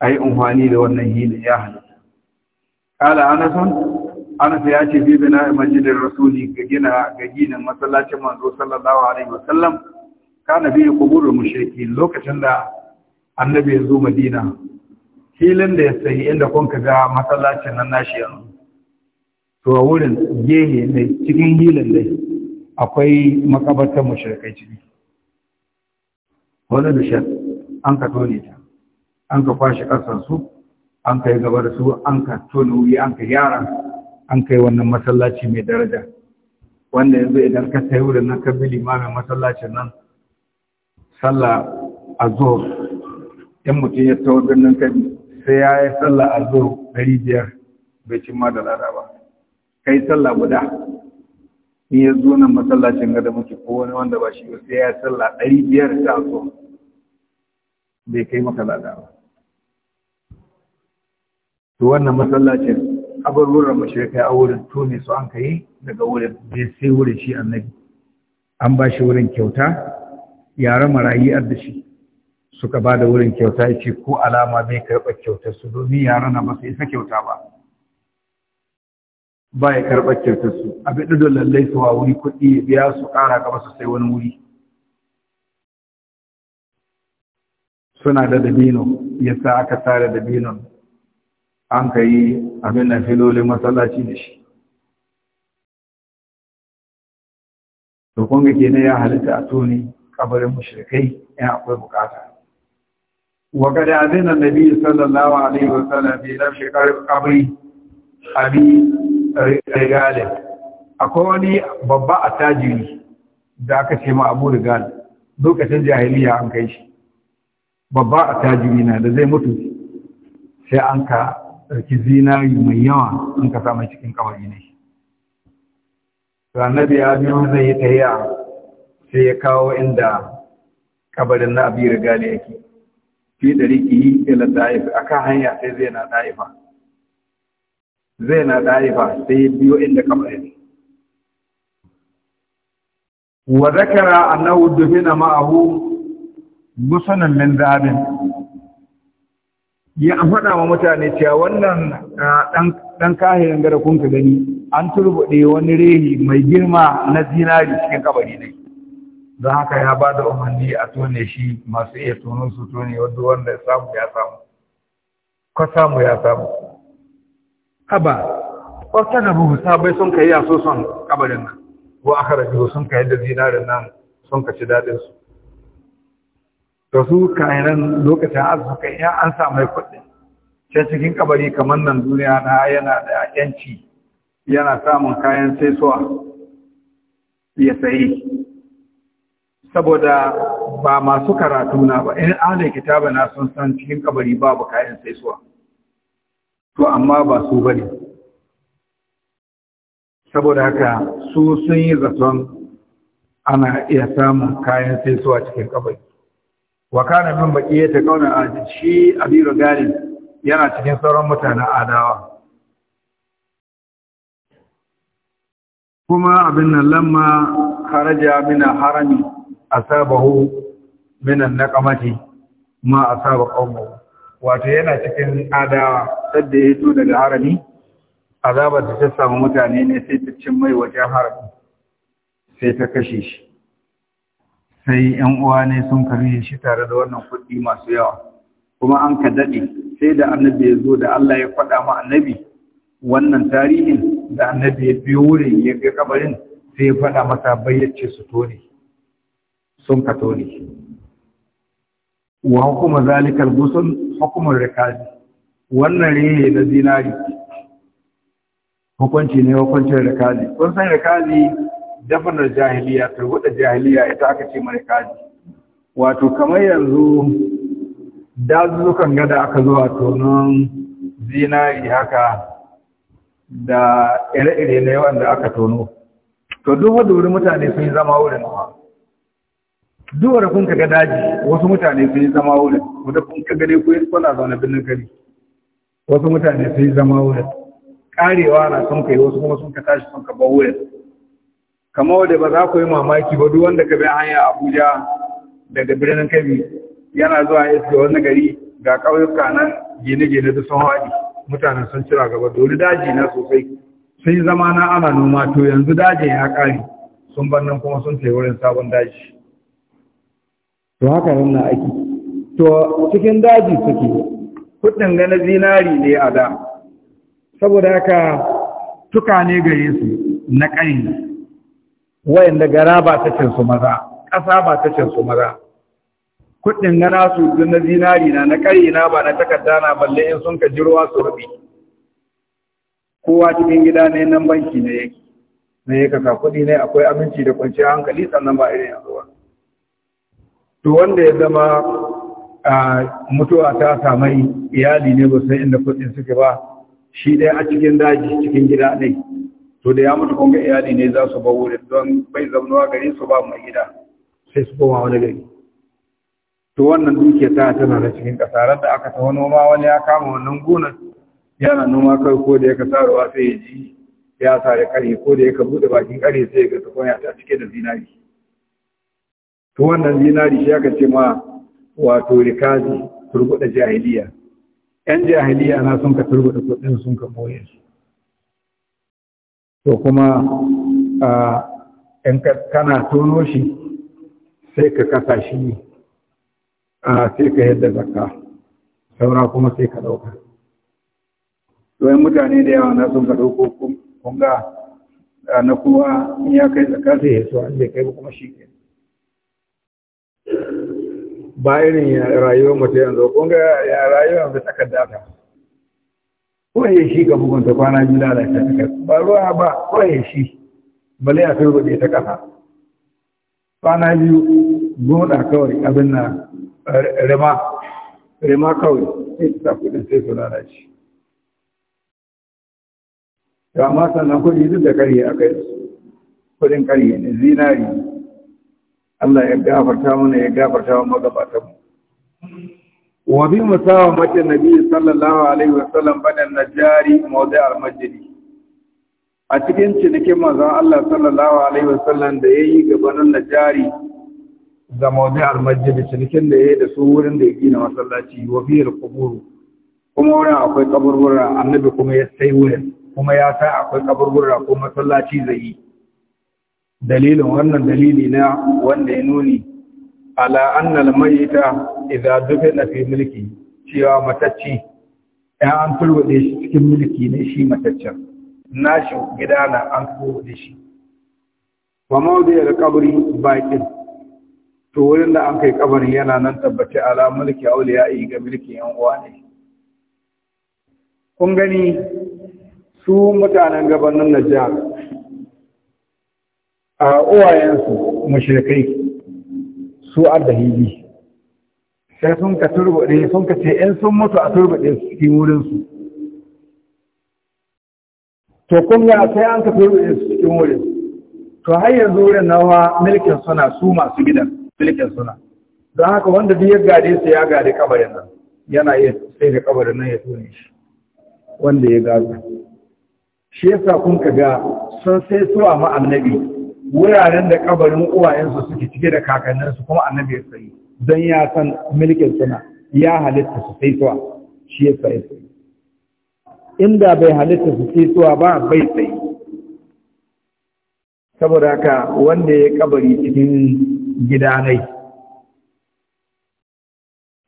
a yi unhwani da wannan hili ya hannu ƙala anason anas ya ce bibi na masjidin rasuli ga gina ga ginin masallacin manzo sallallahu alaihi wasallam kana bi kuburul mushriki lokacin da annabi ya zo madina filin da ya sayi inda kun ga masallacin nan nashi yanzu to wurin gehe ne cikin hilin dai akwai makabartar mushrikai ciki wani bishar an ka tone ta an ka kwashe ƙasarsu an ka yi gaba da su an ka tone wuri an ka yara an ka yi wannan masallaci mai daraja wanda yanzu idan ka sayi wurin nan ka bi limamin masallacin nan sallah a zo in mutum ya tawo birnin bi, sai ya yi sallah a zo ɗari biyar bai cin ma da lada ba kai sallah guda in ya zo nan masallacin gada muke ko wani wanda ba shi ba sai ya sallah ɗari biyar ta so bai kai maka lada ba to wannan masallacin abubuwan kai a wurin ne su an kai daga wurin da sai wurin shi annabi an ba shi wurin kyauta yaran marayi da shi suka ba da wurin kyauta ya ko alama bai karɓar kyautar su domin yaran na ba su isa kyauta ba ba ya karɓar kyautar su a bi ɗido lallai su wa wuri kuɗi ya biya su ƙara gaba su sai wani wuri suna da dabino ya sa aka tare dabinon an ka yi abin na filolin masallaci da shi to kuma ke kenan ya halitta a tuni kabarin mushrikai in akwai bukata wa kada azina nabi sallallahu alaihi wasallam bi lafi qabri abi rigalin akwai wani babba a tajiri da aka ce ma abu rigal lokacin jahiliya an kai shi babba a tajiri na da zai mutu sai an ka ɗauki zinari mai yawa an ka samun cikin kawai ne Ranabi ya biyu zai yi tahiya sai ya kawo inda kabarin na abi rigali yake fi da riki ila a kan hanya sai zai na da'ifa zai na ɗaifa sai biyo inda kabarin wa zakara annahu dufina ma'ahu musanan min zabin ya faɗa wa mutane cewa wannan ɗan kahirin gara kun ka gani an turbuɗe wani rehi mai girma na zinari cikin kabari ne don haka ya ba da umarni a tone shi masu iya tonon su tone wadda wanda ya samu ya samu samu ya samu kaba wata da buhu sabai sun kai yaso son kabarin nan aka rage sun kai da zinarin nan sun ci daɗin su to su kayan lokacin suka yi an samu kuɗi can cikin kabari kamar nan duniya na yana da yanci yana samun kayan sai suwa ya sayi saboda ba masu karatu na ba in ahalin kitaba na sun san cikin kabari babu kayan sai suwa to amma ba su bane saboda haka su sun yi zaton ana iya samun kayan sai su a cikin kabari wa kana min kauna a shi abiru gari yana cikin sauran mutanen adawa kuma abin nan lamma kharaja min harami asabahu min an-naqamati ma asaba qawmuhu wato yana cikin adawa sadda ya zo daga harami azabar da ta samu mutane ne sai ta cin mai wajen harami sai ta kashe shi sai yan uwa ne sun karye shi tare da wannan kuɗi masu yawa kuma an ka daɗe sai da annabi ya zo da Allah ya faɗa ma annabi wannan tarihin da annabi ya biyo wurin ya ga kabarin sai ya faɗa masa bayyace su tone sun ka tone wa hukuma zalikal gusul hukumar rikabi wannan rehe na zinari hukunci ne hukuncin rikazi kun san rikazi dafanar jahiliya turbuɗa jahiliya ita aka ce mai rikazi wato kamar yanzu dazuzzukan gada aka zo a tonon zinari haka da ire-ire na yawan da aka tono to duk wadda wurin mutane sun yi zama wurin nawa duwa kun ka ga daji wasu mutane sun yi zama wurin wadda kun ka gani ko yin kwana zaune birnin gari wasu mutane sun yi zama wurin karewa na sun kai wasu kuma sun ka tashi sun ka ba wurin kama wadda ba za ku yi mamaki ba duk wanda ka bi hanya abuja daga birnin kabi yana zuwa iska wani gari ga ƙauyuka nan gine-gine da sun haɗi mutane sun cira gaba dori daji na sosai sun yi zama na ana noma to yanzu dajin ya ƙare sun bar nan kuma sun tayi wurin sabon daji to haka nan na aiki to cikin daji suke kudin gane zinari ne a da saboda haka tuka ne gare su na ƙari wayanda gara ba ta cin su maza ƙasa ba ta cin su maza kudin gana su na zinari na na kai na ba na takarda na balle in sun ka jirwa su rubi kowa cikin gida ne nan banki ne yake ne ya kasa kuɗi ne akwai aminci da kwanciyar hankali sannan ba irin yanzu to wanda ya zama mutuwa ta samai iyali ne ba sai inda kudin suke ba shi ɗaya a cikin daji cikin gida ne to da ya mutu kunga iyali ne za su ba wurin don bai zaunawa gari su ba mai gida sai su koma wani gari to wannan dukiya ta tana da cikin ƙasa ran da aka taho noma wani ya kama wannan gonar yana noma kai ko da ya kasarwa sai ya ji ya sare kare ko da ya ka buɗe bakin kare sai ya ga tukunya ta cike da zinari to wannan zinari shi aka ce ma wato rikazi turbuɗa jahiliya yan jahiliya na sun ka turbuɗa kuɗin sun ka boye shi to kuma a in kana tono shi sai ka kasa shi a sai ka yadda zakka saura kuma sai ka ɗauka 'yan mutane da yawa na sun ka ɗauko kunga na kowa in ya kai zakka sai ya so an zai kai kuma shi ke. ba irin rayuwar mutum yanzu kun ga ya rayuwar da takarda ta kwaye shi ka bugunta kwana biyu lalata ta ba ruwa ba kwaye shi bale a kai ruɗe ta ƙasa kwana biyu gona kawai abin na rima rima kawai sai ta kudin sai su lalace to amma sannan kuɗi duk da karye a kai kudin kuɗin karye ne zinari Allah ya gafarta mana ya gafarta wa magabatan mu wa bi mace nabi sallallahu alaihi wa sallam banan najari mawdi al majdi a cikin cinikin manzon Allah sallallahu alaihi wa sallam! da yayi gaban najari ga mawdi al majdi cinikin da yayi da su wurin da ya gina masallaci wa bi al qubur kuma wurin akwai kaburbura annabi kuma ya sai wurin kuma ya sa akwai kaburbura ko masallaci zai yi dalilin wannan dalili na wanda ya nuni ala annal mayita idza dufina fi mulki cewa matacci ya an da shi cikin mulki ne shi mataccen shi gida na an turwade shi wa mawdiyar kabri baqin to wurin da an kai kabarin yana nan tabbace ala mulki auliya'i ga mulki yan uwa ne kun gani su mutanen gabanin Najjar a uwayensu mashirkai su addahili sai sun ka turbaɗe sun ka ce in sun mutu a turbaɗe su cikin wurinsu to kun ya sai an ka turbaɗe su cikin wurin to har yanzu wurin nawa milkin suna su masu gidan milkin suna don haka wanda duk ya gade su ya gade kabarin nan yana iya sai da kabarin nan ya tone shi wanda ya gado shi yasa kun ka ga sun sai suwa a ma'annabi wuraren da kabarin uwayensu suke cike da kakanninsu kuma annabi ya sayi don ya san milkin suna ya halitta su sai shi ya sayi inda bai halitta su sai ba bai sayi saboda haka wanda ya kabari cikin gidanai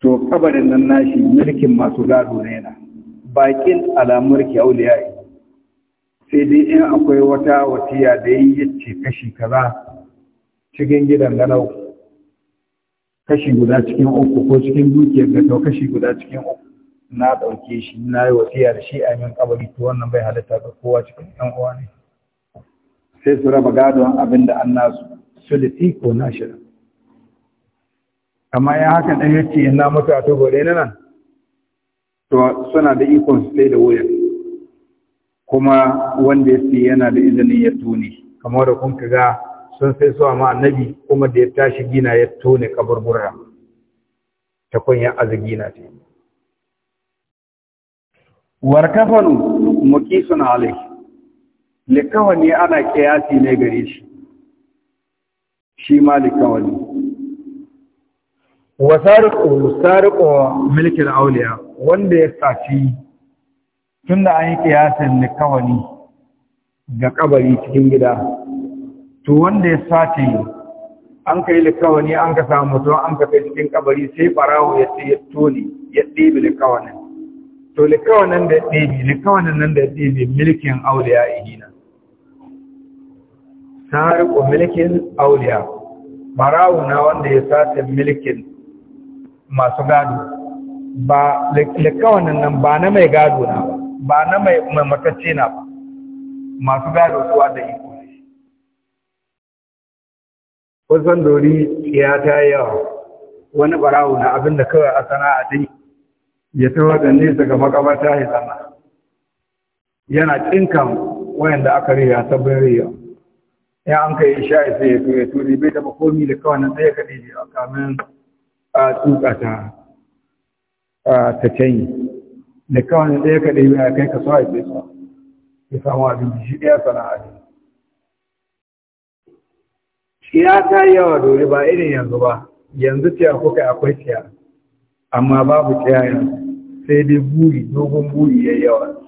to kabarin nan nashi mulkin masu gado ne yana bakin alamurki auliya sai dai in akwai wata wasiya da ya ce kashi kaza cikin gidan nau kashi guda cikin uku ko cikin dukiyar nau kashi guda cikin uku na ɗauke shi na yi wasiya da shi a yin kabari to wannan bai halitta ga kowa cikin ɗan uwa ne sai su raba gadon abin da an nasu sulisi ko nashirin amma ya haka ɗan yace ina mutu a togore na nan to suna da ikon su sai da wuyan kuma wanda ya yana da izinin ya tone kamar da kun ga sun sai zuwa ma annabi kuma da ya tashi gina ya tone kaburbura ta kun ya azgina ta warkafanu suna alai likawani ana kiyasi ne gare shi shi ma likawani wasariqu sariqu milkil awliya wanda ya saci tun da an yi kiyasin likawani ga kabari cikin gida to wanda ya sace an kai likawani an ka samu mutum an ka kai cikin kabari sai barawo ya ce ya tone ya ɗebe likawanin to likawanin da ya ɗebe likawanin nan da ya ɗebe milkin auliya ihina sariku milkin auliya barawo na wanda ya sace milkin masu gado ba likawanin nan ba na mai gado na ba ba na mai matacce na ba masu gado suwa da iko ne kusan dori ya ta yawa wani barawo na abin da kawai a sana'a dai ya taho da nesa ga makabarta ya zama. yana wayan wayanda aka riya sabbin riya ya an kai ya sai ya tura turi bai da makomi da kawai nan sai ya kaɗe kamin a tuka ta ta canyi da kawai ɗaya ya ɗaya ya kai ka so a sa ya samu abinci shi ɗaya sana'a ne shi ya ta yi yawa dole ba irin yanzu ba yanzu ciya kuka akwai ciya amma babu ciya yanzu sai dai buri dogon buri ya yawa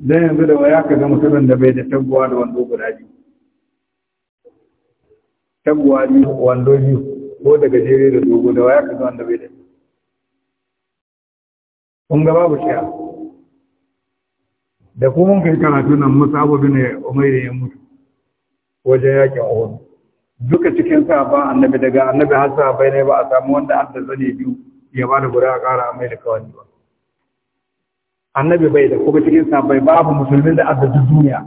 Don yanzu da waya ka ga mutumin da bai da taguwa da wando guda biyu taguwa biyu wando biyu ko daga jere da dogo da waya ka ga wanda bai da kun ga babu shiya da kuma mun kai karatu nan musa abu bin da ya mutu wajen yakin ohun duka cikin ba, annabi daga annabi har bai ne ba a samu wanda an da zane biyu ya ba da guda a ƙara mai da kawai ba annabi bai da kuma cikin ba babu musulmin da adda duk duniya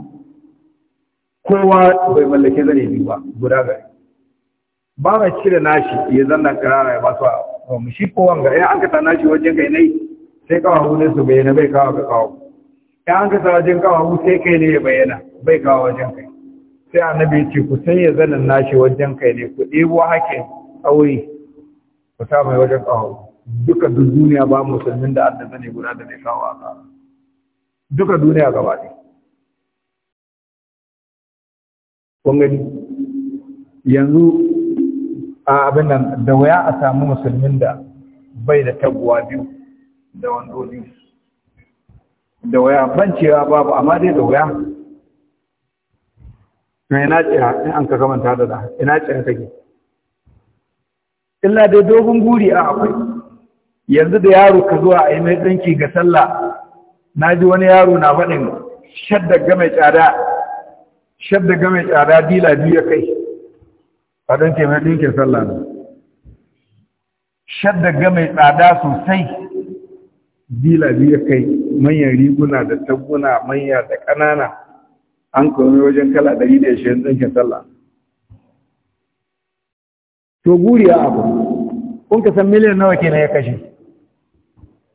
kowa bai mallake zane biyu ba guda gari ba mai cire nashi ya zanna kirara ya ba su a mu shi ga ya an ka ta nashi wajen kai nai sai kawawu ne su bayyana bai kawo ga kawo ya an kasa wajen kawawu sai kai ne ya bayyana bai kawo wajen kai sai annabi ce ku ya zanen nashi wajen kai ne ku ɗebo hake aure ku sa mai wajen kawawu duka duniya ba musulmin da Allah zane guda da bai kawo a kawo duka duniya gaba ɗaya kun gani yanzu a abin nan da waya a samu musulmin da bai da taguwa biyu da wani da waya ban cewa babu amma dai da waya to ina tsira in an ka kamanta da da ina tsira take illa dai dogon guri a akwai yanzu da yaro ka zuwa a yi mai tsanki ga sallah na ji wani yaro na faɗin shadda ga mai tsada shadda ga mai tsada dila biyu ya kai a don ke mai ɗinkin sallah ne shadda ga mai tsada sosai dila biyu kai manyan riguna da tabbuna manya da ƙanana an kome wajen kala dari da ashirin ɗinkin sallah to ya abu kun ka san miliyan nawa ke na ya kashe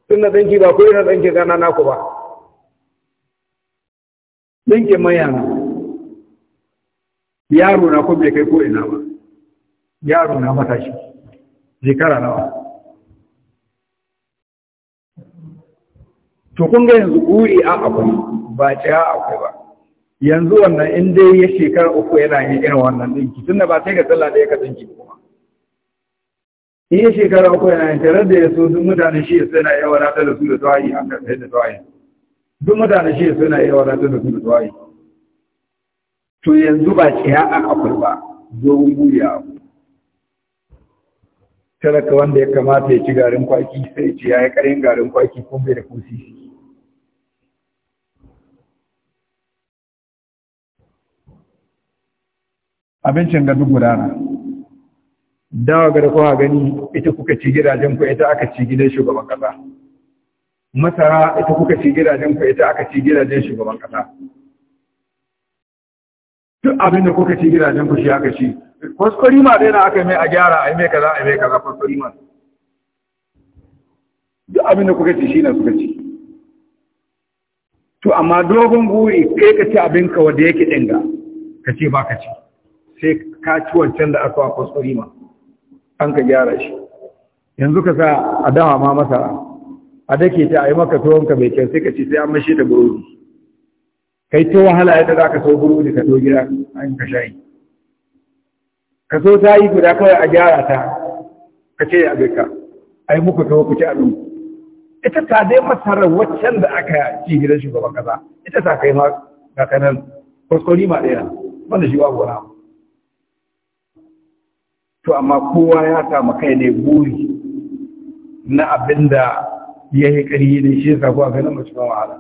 tun na ɗinki ba ko irin ɗinki ƙanana ku ba ɗinki manya na yaro na ko bai kai ko ina ba yaro na matashi jikara nawa to kun ga yanzu guri a akwai ba a akwai ba yanzu wannan in dai ya shekara uku yana yin irin wannan dinki tunda ba sai ga sallah da ya kasan ki kuma in ya shekara uku yana yin tare da yaso duk mutane shi yana iya wadatar da su da tawayi a kan sai da tawayi duk mutane shi yana iya wadatar da su da tawayi to yanzu ba tsaya a akwai ba zo a ya talaka wanda ya kamata ya ci garin kwaki sai ce ya yi karin garin kwaki kuma bai da shi. abincin ga duk gudana dawa ga da kowa gani ita kuka ci gidajen ku ita aka ci gidan shugaban kasa masara ita kuka ci gidajen ku ita aka ci gidajen shugaban kasa duk abin da kuka ci gidajen ku shi aka ci kwaskwari ma dai na aka mai a gyara a yi mai kaza a yi mai kaza kwaskwari ma duk abin da kuka ci shi na suka ci to amma dogon buri kai ka ci abinka wanda yake dinga ka ce ba ka ci sai ka ci wancan da aka wa kuskure ma an ka gyara shi yanzu ka sa a dawa ma masara a dake ta a yi maka ka mai kyau sai ka ci sai an mashi da burodi kai ta wahala yadda za ka sau burodi ka to gida an ka shayi ka so ta yi guda kawai a gyara ta ka ce ya ka. a yi muku tuwon ku ci abin ita ta dai masara waccan da aka ci gidan shugaban kasa ita ta kai ma kakanan kuskure ma ɗaya wanda shi wa gona to amma kowa ya kama kai ne buri na abin da ya yi ƙari ne shi yasa kuwa ganin mu cikin wahala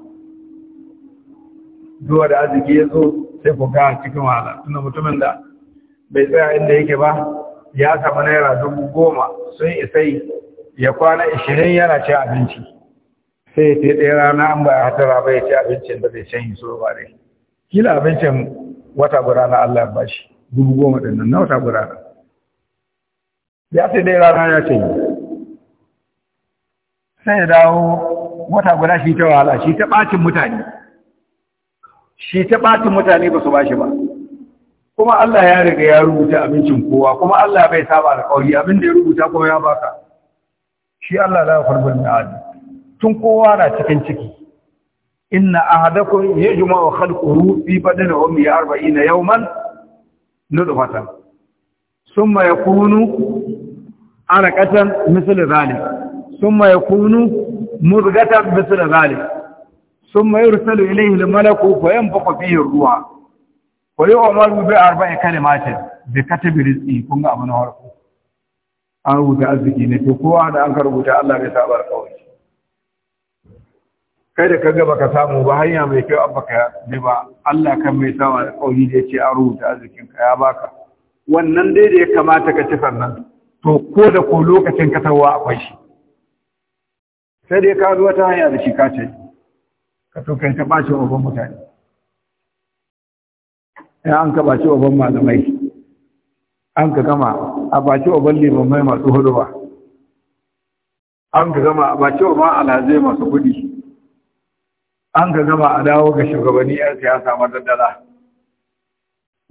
zuwa da arziki ya zo sai ku ga cikin wahala Suna mutumin da bai tsaya inda yake ba ya samu naira dubu goma sun isai ya kwana ishirin yana ci abinci sai ta ɗaya rana an ba ya hatara ba ya ci abincin da zai can yi so ba dai kila abincin wata guda na Allah ba shi dubu goma ɗin nan na wata guda ya ce dai rana ya ce sai ya dawo wata guda shi ta wahala shi ta ɓacin mutane shi ta ɓacin mutane ba su ba shi ba kuma Allah ya riga ya rubuta abincin kowa kuma Allah bai saba da kauri abin da ya rubuta kuma ya baka shi Allah la yafarbul mi'ad tun kowa na cikin ciki inna ahadakum yajma'u khalquhu fi badani ummi 40 yawman nutfatan thumma yakunu arakatan misali zalik sun mai kunu murgatan misali zalik sun mai rusalu ilaihi malaku koyan bakwa fiye ruwa koyi umaru bai arba'i kalimatin da katabi rizki kun ga abu na harko an rubuta arziki ne to kowa da an ka rubuta Allah bai sabar kawai kai da kaga baka samu ba hanya mai kyau an baka ne ba Allah kan mai sawa da ya da yace an rubuta arzikin ka ya baka wannan dai da ya kamata ka ci sannan to ko da ko lokacin katarwa akwai shi sai dai ka zuwa ta hanya da shi ka ce ka to kai ta wa babban mutane ya an ka ɓace babban malamai an ka gama a ɓace waban limamai masu hudu ba an ka gama a ɓace waban alhazai masu kuɗi an ka gama a dawo ga shugabanni 'yan siyasa madaddala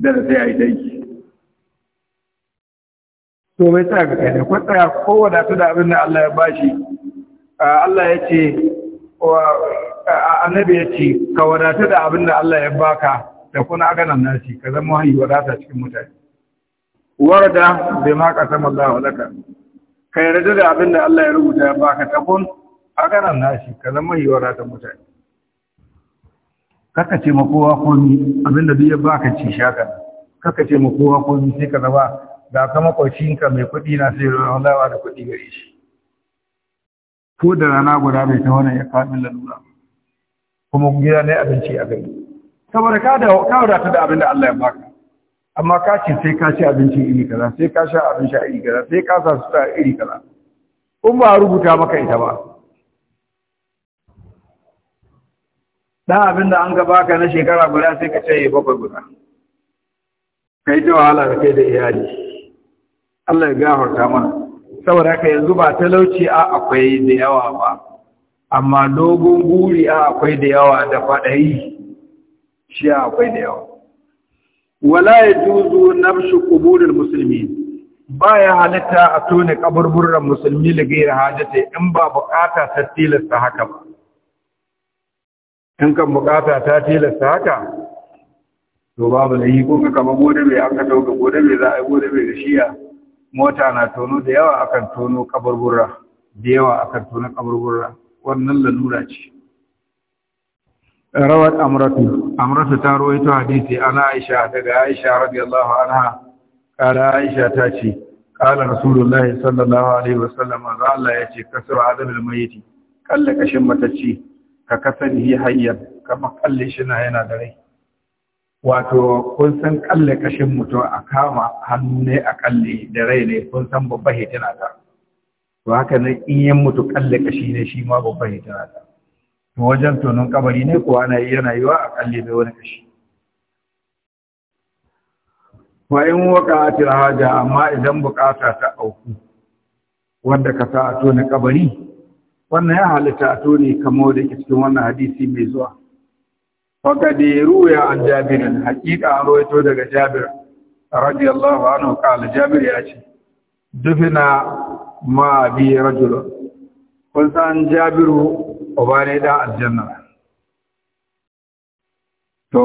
da da sai a yi daiki to mai tsaya ga kai ne ko tsaya ko su da abin da Allah ya bashi Allah ya ce annabi ya ce ka wadata da abin da Allah ya baka da kuna ganan nasi ka zama wani wadata cikin mutane warda bai ma kasam Allah wa laka ka yarda da abin da Allah ya rubuta ya baka ta kun aganan nashi ka zama wani wadata mutane kaka ce ma kowa komi abin da duk ya baka ci shaka kaka ce ma kowa komi sai ka zama ga ka makwacinka mai kuɗi na sai ruwan lawa da kuɗi gare shi ko da rana guda bai ta wani ya kamin lalura kuma gida ne abinci a gari saboda ka da ka wadata da abin da Allah ya baka amma ka ce sai ka ci abinci iri kaza sai ka sha abin sha iri kaza sai ka sa sutura iri kaza in ba rubuta maka ita ba dan abin da an ga baka na shekara guda sai ka ce bakwai guda kai ta wahala da kai da iyali Allah ya gafarta mana saboda haka yanzu ba talauci a akwai da yawa ba amma dogon guri a akwai da yawa da yi shi a akwai da yawa wala ya juzu nafshu musulmi. muslimin baya halitta a tone kaburburan musulmi da gaira hajjata in ba bukata ta tilasta haka ba in kan bukata ta tilasta haka to babu da yi kuka kama gode mai aka dauka gode mai za a yi gode mai da shiya mota na tono da yawa akan tono kaburbura da yawa akan tono kaburbura wannan lalura ce rawat amratu amratu ta rawaito hadisi ana aisha daga aisha radiyallahu anha kala aisha ta ce kala rasulullahi sallallahu alaihi wasallam za Allah ya ce kasar adamul mayyiti kalle kashin matacci ka kasani hayyan kama kalle shi na yana da rai wato kun san kalle kashin mutum a kama hannu ne a kalle da rai ne kun san babba hitina ta to haka ne in yan mutu kalle kashi ne shi ma babba hitina ta to wajen tonon kabari ne ko ana yana yiwa a kalle mai wani kashi wa in waka haja amma idan bukata ta auku wanda ka sa a tona kabari wannan ya halitta a tone kamar da ke cikin wannan hadisi mai zuwa fagaderu ya an jabirin hakika an daga jabirin radiyallahu anhu kala jabir ya ce dufina ma bi rajulun kun san jabiru uba ne da aljanna to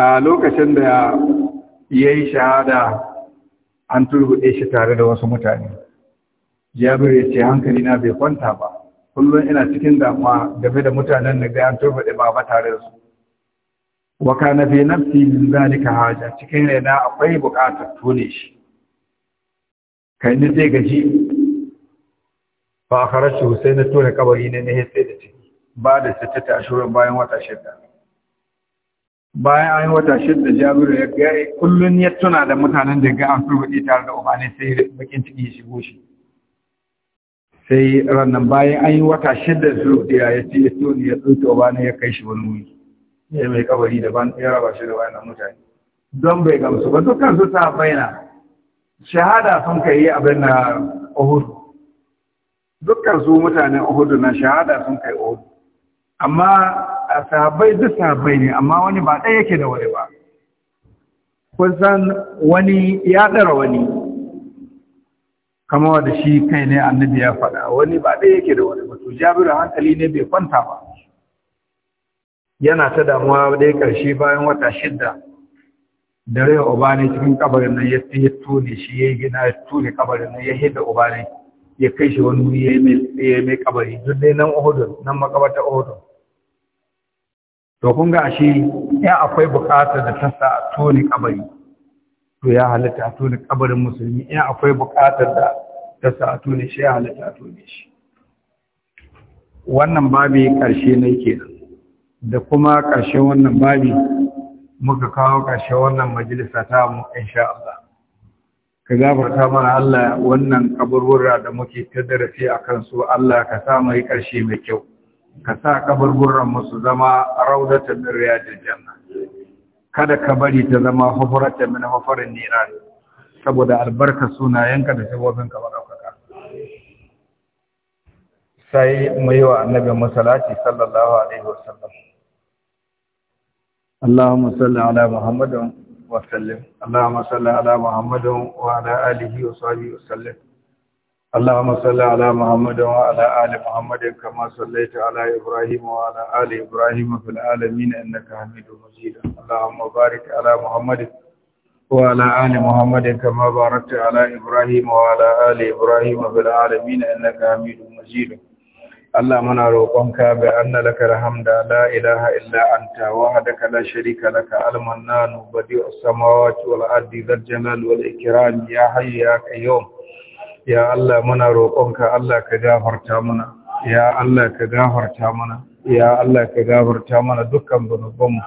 a lokacin da ya yi shahada an turbe shi tare da wasu mutane Jabiru ya ce hankali na bai kwanta ba kullum ina cikin damuwa game da mutanen da ga an turbaɗe ba ba tare da su wa na fi nafsi min zalika haja cikin raina akwai buƙatar tone shi kai ni zai gaji Ba fara shi sai na tone kabari ne na hetse da ciki ba da sitta ta ashurin bayan wata shidda. bayan an yi wata shidda jabiru ya gaya kullum ya tuna da mutanen da ga an turbaɗe tare da umarni, sai bakin ciki ya shigo shi sai rannan bayan an yi wata shidda su rufiya ya ce ya tuni ya ba na ya kai shi wani wuri ya mai kabari daban ya raba shi da bayanan mutane don bai gamsu ba dukkan su ta baina shahada sun kai yi abin na ohudu. dukkan su mutanen ohudu na shahada sun kai ohudu. amma a sahabbai duk sahabbai ne amma wani ba ɗaya yake da wani ba kun san wani ya ɗara wani kama da shi kai ne annabi ya faɗa wani ba ɗaya yake da wani mutu. jabiru hankali ne bai kwanta ba yana ta damuwa dai ƙarshe bayan wata shidda da rai uba cikin kabarin nan ya ya tone shi ya yi gina ya tone kabarin nan ya hidda uba ya kai shi wani wuri ya yi mai kabari duk dai nan ohudun nan makabartar ohudun to kun ga shi ya akwai bukatar da ta sa a tone kabari to ya halatta a tuni kabarin musulmi in akwai bukatar da ta sa a tuni shi ya halatta a tuni shi wannan babi karshe ne da kuma karshen wannan babi muka kawo karshe wannan majalisa ta mu insha Allah ka gafarta mana Allah wannan kaburburra da muke ta darasi a kansu Allah ka sa mai karshe mai kyau ka sa kaburburran mu su zama raudatan min riyadil janna kada ka bari ta zama mana min nera ne, saboda albarka suna yanka da shagobinka ba ɗaukaka sai mai wa annabin masalaci sallallahu alaihi wasallam Allahumma salli ala Muhammadin wa sallim Allahumma salli ala Muhammadin wa ala alihi wa اللهم صل على محمد وعلى آل محمد كما صليت على إبراهيم وعلى آل إبراهيم في العالمين إنك حميد مجيد اللهم بارك على محمد وعلى آل محمد كما باركت على إبراهيم وعلى آل إبراهيم في العالمين إنك حميد مجيد اللهم نروقك بأن لك الحمد لا إله إلا أنت وحدك لا شريك لك المنان بديع السماوات والأرض ذا الجلال والإكرام يا حي يا قيوم ya Allah muna roƙonka Allah ka gafarta mana ya Allah ka gafarta mana ya Allah ka gafarta mana dukkan zunubanmu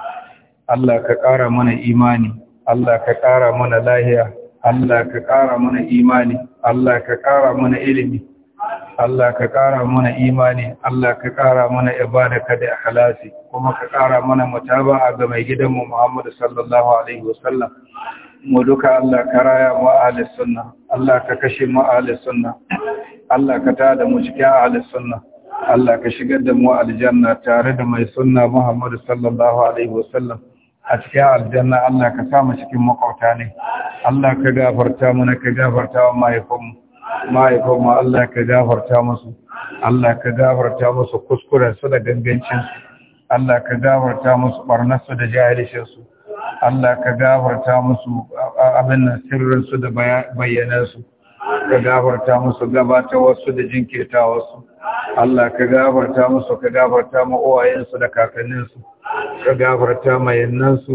Allah ka ƙara mana imani Allah ka ƙara mana lahiya Allah ka ƙara mana imani Allah ka ƙara mana ilimi Allah ka ƙara mana imani Allah ka ƙara mana ka da ikhlasi kuma ka ƙara mana mutaba ga mai gidanmu Muhammad sallallahu alaihi Sallam. mu duka Allah ka raya mu ahli sunna Allah ka kashe mu ahli sunna Allah ka tada mu cikin ahli sunna Allah ka shigar da mu aljanna tare da mai sunna Muhammad sallallahu alaihi wasallam a cikin aljanna Allah ka sa mu cikin makauta ne Allah ka gafarta mu mana ka gafarta wa mahaifanmu mahaifanmu Allah ka gafarta musu Allah ka gafarta musu kuskuren su da gangancin Allah ka gafarta musu barnar su da jahilcin su Allah ka gafarta musu abin sirrinsu da bayyanansu ka gafarta musu gabata wasu da jinkirta wasu Allah ka gafarta musu ka gafarta ma da kakanninsu ka gafarta ma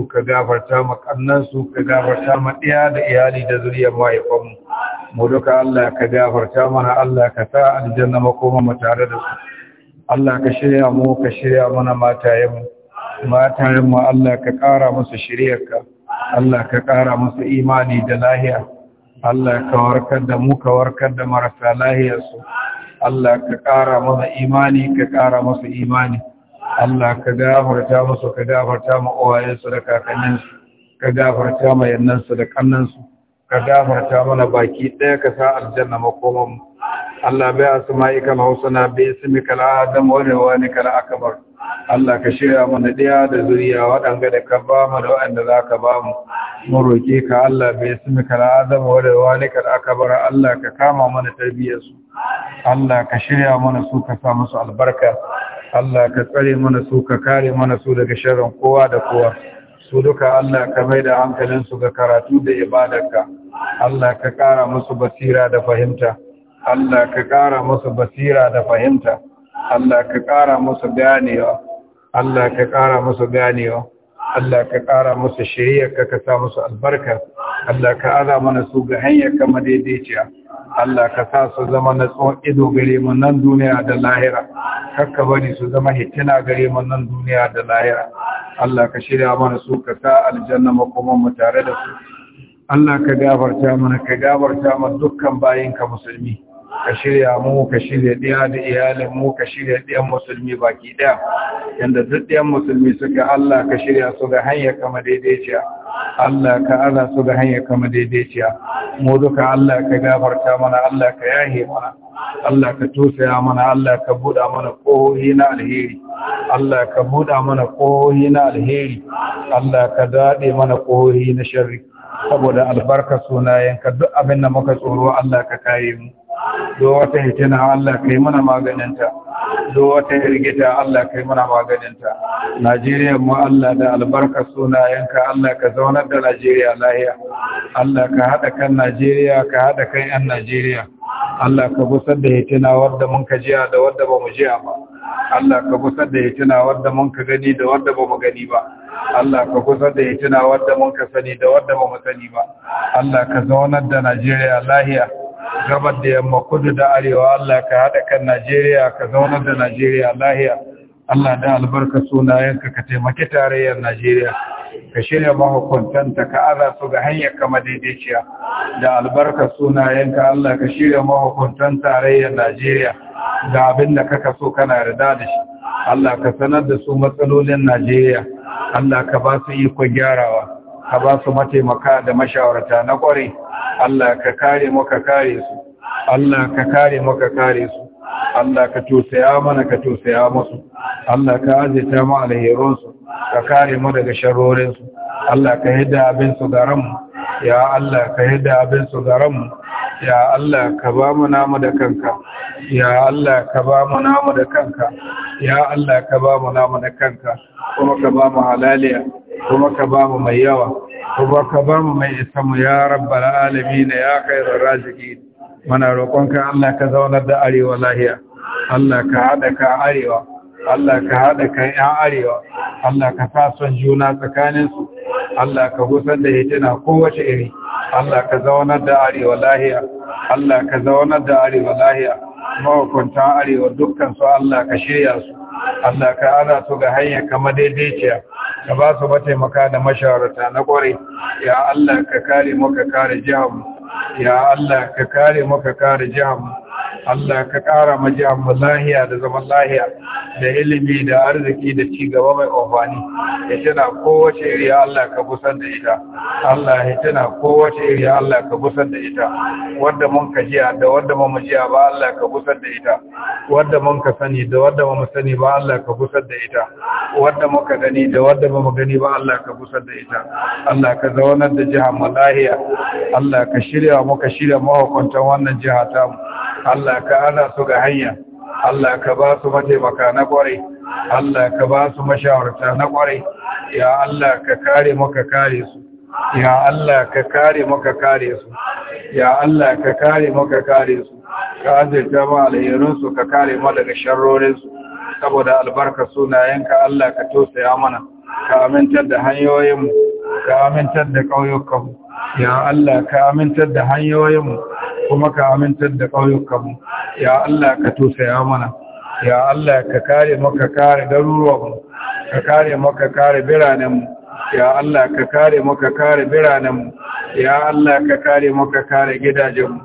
ka gafarta makannansu, ka gafarta ma da iyali da zuriyar mahaifanmu mu duka Allah ka gafarta mana Allah ka sa aljanna makoma mu tare da su Allah ka shirya mu ka shirya mana matayenmu matayen mu Allah ka ƙara musu shiryarka Allah ka ƙara musu imani da lahiya Allah ka warkar da mu ka warkar da marasa lahiyarsu Allah ka ƙara musu imani ka ƙara musu imani Allah ka gafarta musu ka gafarta mu uwayensu da kakanninsu ka gafarta mu yannansu da kannansu ka gafarta mana baki ɗaya ka sa aljanna makoman Allah bai asma'ikal husna bi ismikal adam wa rawani kal akbar Allah ka shirya mana ɗaya da zuriya waɗanga da ka ba mu da waɗanda za ka ba mu mun roƙe ka Allah bai su ka na azama wa da aka bar Allah ka kama mana tarbiyyarsu Allah ka shirya mana su ka sa musu albarka Allah ka tsare mana su ka kare mana su daga sharrin kowa da kowa su duka Allah ka mai da su ga karatu da ibadarka Allah ka ƙara musu basira da fahimta Allah ka ƙara musu basira da fahimta Allah ka ƙara musu ganewa Allah ka ƙara musu ganewa Allah ka ƙara musu shiriyarka ka sa musu albarka Allah ka aza mana su ga hanyar kama daidaiciya Allah ka sa su zama na tsawon ido gare mu nan duniya da lahira kakka bari su zama hitina gare mu nan duniya da lahira Allah ka shirya mana su ka sa aljanna makoman mu tare da su Allah ka gafarta mana ka gafarta mana dukkan bayinka musulmi ka shirya mu ka shirya ɗaya da iyalin mu ka shirya ɗiyan musulmi baki ɗaya yanda duk ɗiyan musulmi suka Allah ka shirya su ga hanyar kama daidaiciya Allah ka ana su ga hanyar kama daidaiciya mu duka Allah ka gafarta mana Allah ka yahe mana Allah ka tusaya mana Allah ka buɗa mana kohohi na alheri Allah ka buɗa mana kohohi na alheri Allah ka daɗe mana kohohi na sharri saboda albarka sunayenka duk abin da muka tsoro Allah ka kare mu zo wata hitina Allah kai mana maganinta zo wata hirgita Allah kai mana maganinta Najeriya mu Allah da albarka sunayenka Allah ka zaunar da Najeriya lahiya Allah ka haɗa kan Najeriya ka haɗa kan yan Najeriya Allah ka busar da hitina wadda mun ka jiya da wadda ba mu jiya ba Allah ka busar da hitina wadda mun ka gani da wadda ba mu gani ba Allah ka gusar da hitina wadda mun ka sani da wadda ba mu sani ba Allah ka zaunar da Najeriya lahiya gabar da yamma kudu da arewa Allah ka haɗa kan Najeriya ka zauna da Najeriya lahiya Allah da albarka sunayenka ka taimaki tarayyar Najeriya ka shirya mahukuntanta ka aza su ga hanyar kama daidaiciya da albarka sunayenka Allah ka shirya mahukuntan tarayyar Najeriya ga abin da kaka so kana rida da shi Allah ka sanar da su matsalolin Najeriya Allah ka ba su ikon gyarawa ka ba su mataimaka da mashawarta na ƙware Allah ka kare mu ka kare su Allah ka kare mu ka kare su Allah ka tosaya mana ka tosaya musu Allah ka azita mu alherin su ka kare mu daga sharorin su Allah ka hidda abin su garan mu ya Allah ka hidda abin su garan mu ya Allah ka ba mu namu da kanka ya Allah ka ba mu namu da kanka ya Allah ka ba mu namu da kanka kuma ka ba mu halaliya kuma ka ba mu mai yawa kuma ka ba mu mai isa mu ya rabbal alamin ya kai khairar jiki. muna roƙonka Allah ka zaunar da arewa lahiya Allah ka haɗa ka arewa Allah ka haɗa ka 'yan arewa Allah ka sa son juna tsakaninsu Allah ka hutar da hitina kowace iri Allah ka zaunar da arewa lahiya Allah ka zaunar da arewa lahiya mahukuntan arewa dukkan Allah ka shirya su Allah ka ana su ga hanya kama daidaiciya ka ba su mataimaka da mashawarta na ƙware ya Allah ka kare mu kare jihar ya Allah ka kare muka kare jihar mu Allah ka ƙara maji mu lahiya da zaman lahiya da ilimi da arziki da ci gaba mai amfani ya tana kowace iriya Allah ka busan da ita Allah ya tana kowace iriya Allah ka busan da ita Wadda mun ka jiya da wadda mun jiya ba Allah ka busan da ita Wadda mun ka sani da wadda mun sani ba Allah ka busan da ita Wadda mun ka gani da wadda mun gani ba Allah ka busan da ita Allah ka zaunar da jihar mu lahiya Allah ka shirya muka shirya mahukuntan wannan jiha ta mu Allah Allah ka ana su ga hanya Allah ka ba su mataimaka na kwarai Allah ka ba su mashawarta na kwarai ya Allah ka kare maka kare su ya Allah ka kare maka kare su ya Allah ka kare maka kare su ka azirta ma alherin su ka kare ma daga sharrorinsu saboda albarka sunayenka Allah ka tausaya mana ka amintar da hanyoyinmu ka amintar da ƙauyukanmu, ya Allah ka amintar da hanyoyinmu. kuma ka amintar da ƙauyukanmu ya Allah ka tosaya mana ya Allah ka kare mu ka kare garuruwanmu ka kare mu ka kare biranenmu ya Allah ka kare mu ka kare biranenmu ya Allah ka kare mu ka kare gidajenmu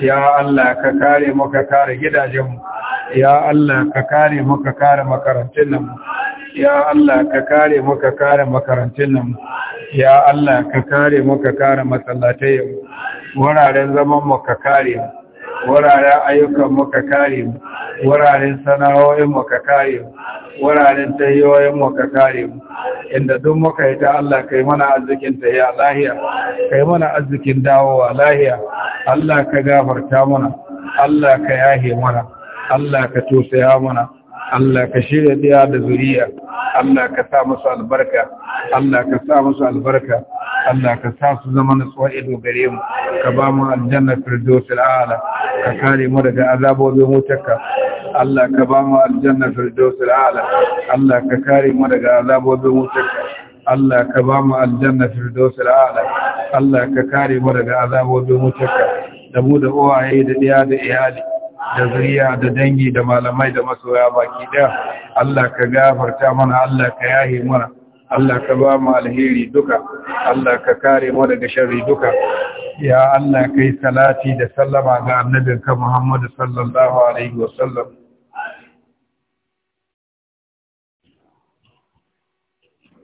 ya Allah ka kare mu ka kare gidajenmu ya Allah ka kare mu ka kare makarantun ya Allah ka kare mu ka kare makarantun nan ya Allah ka kare mu kare masallatai wuraren zaman mu ka kare wuraren ayyukan mu ka kare wuraren sana'o'in mu ka kare wuraren tayoyin mu ka kare inda duk muka yi ta Allah kai mana arzikin ta ya lahiya kai mana arzikin dawowa lahiya Allah ka gafarta mana Allah ka yahe mana Allah ka tosaya mana Allah ka shirya ɗaya da zuriya Allah ka sa musu albarka Allah ka sa musu albarka Allah ka sa su zama nutsuwa ido gare mu ka ba mu aljanna firdaus ala. ka kare mu daga azabobin wutarka Allah ka ba mu aljanna firdaus ala. Allah ka kare mu daga azabobin wutarka Allah ka ba mu aljanna firdaus ala. Allah ka kare mu daga azabobin wutarka da mu da uwaye da ɗaya da iyali da zuriya da dangi da malamai da masoya baki daya Allah ka gafarta mana Allah ka yahi mana Allah ka ba mu alheri duka Allah ka kare mu daga sharri duka ya Allah kai salati da sallama ga annabinka Muhammad sallallahu alaihi wasallam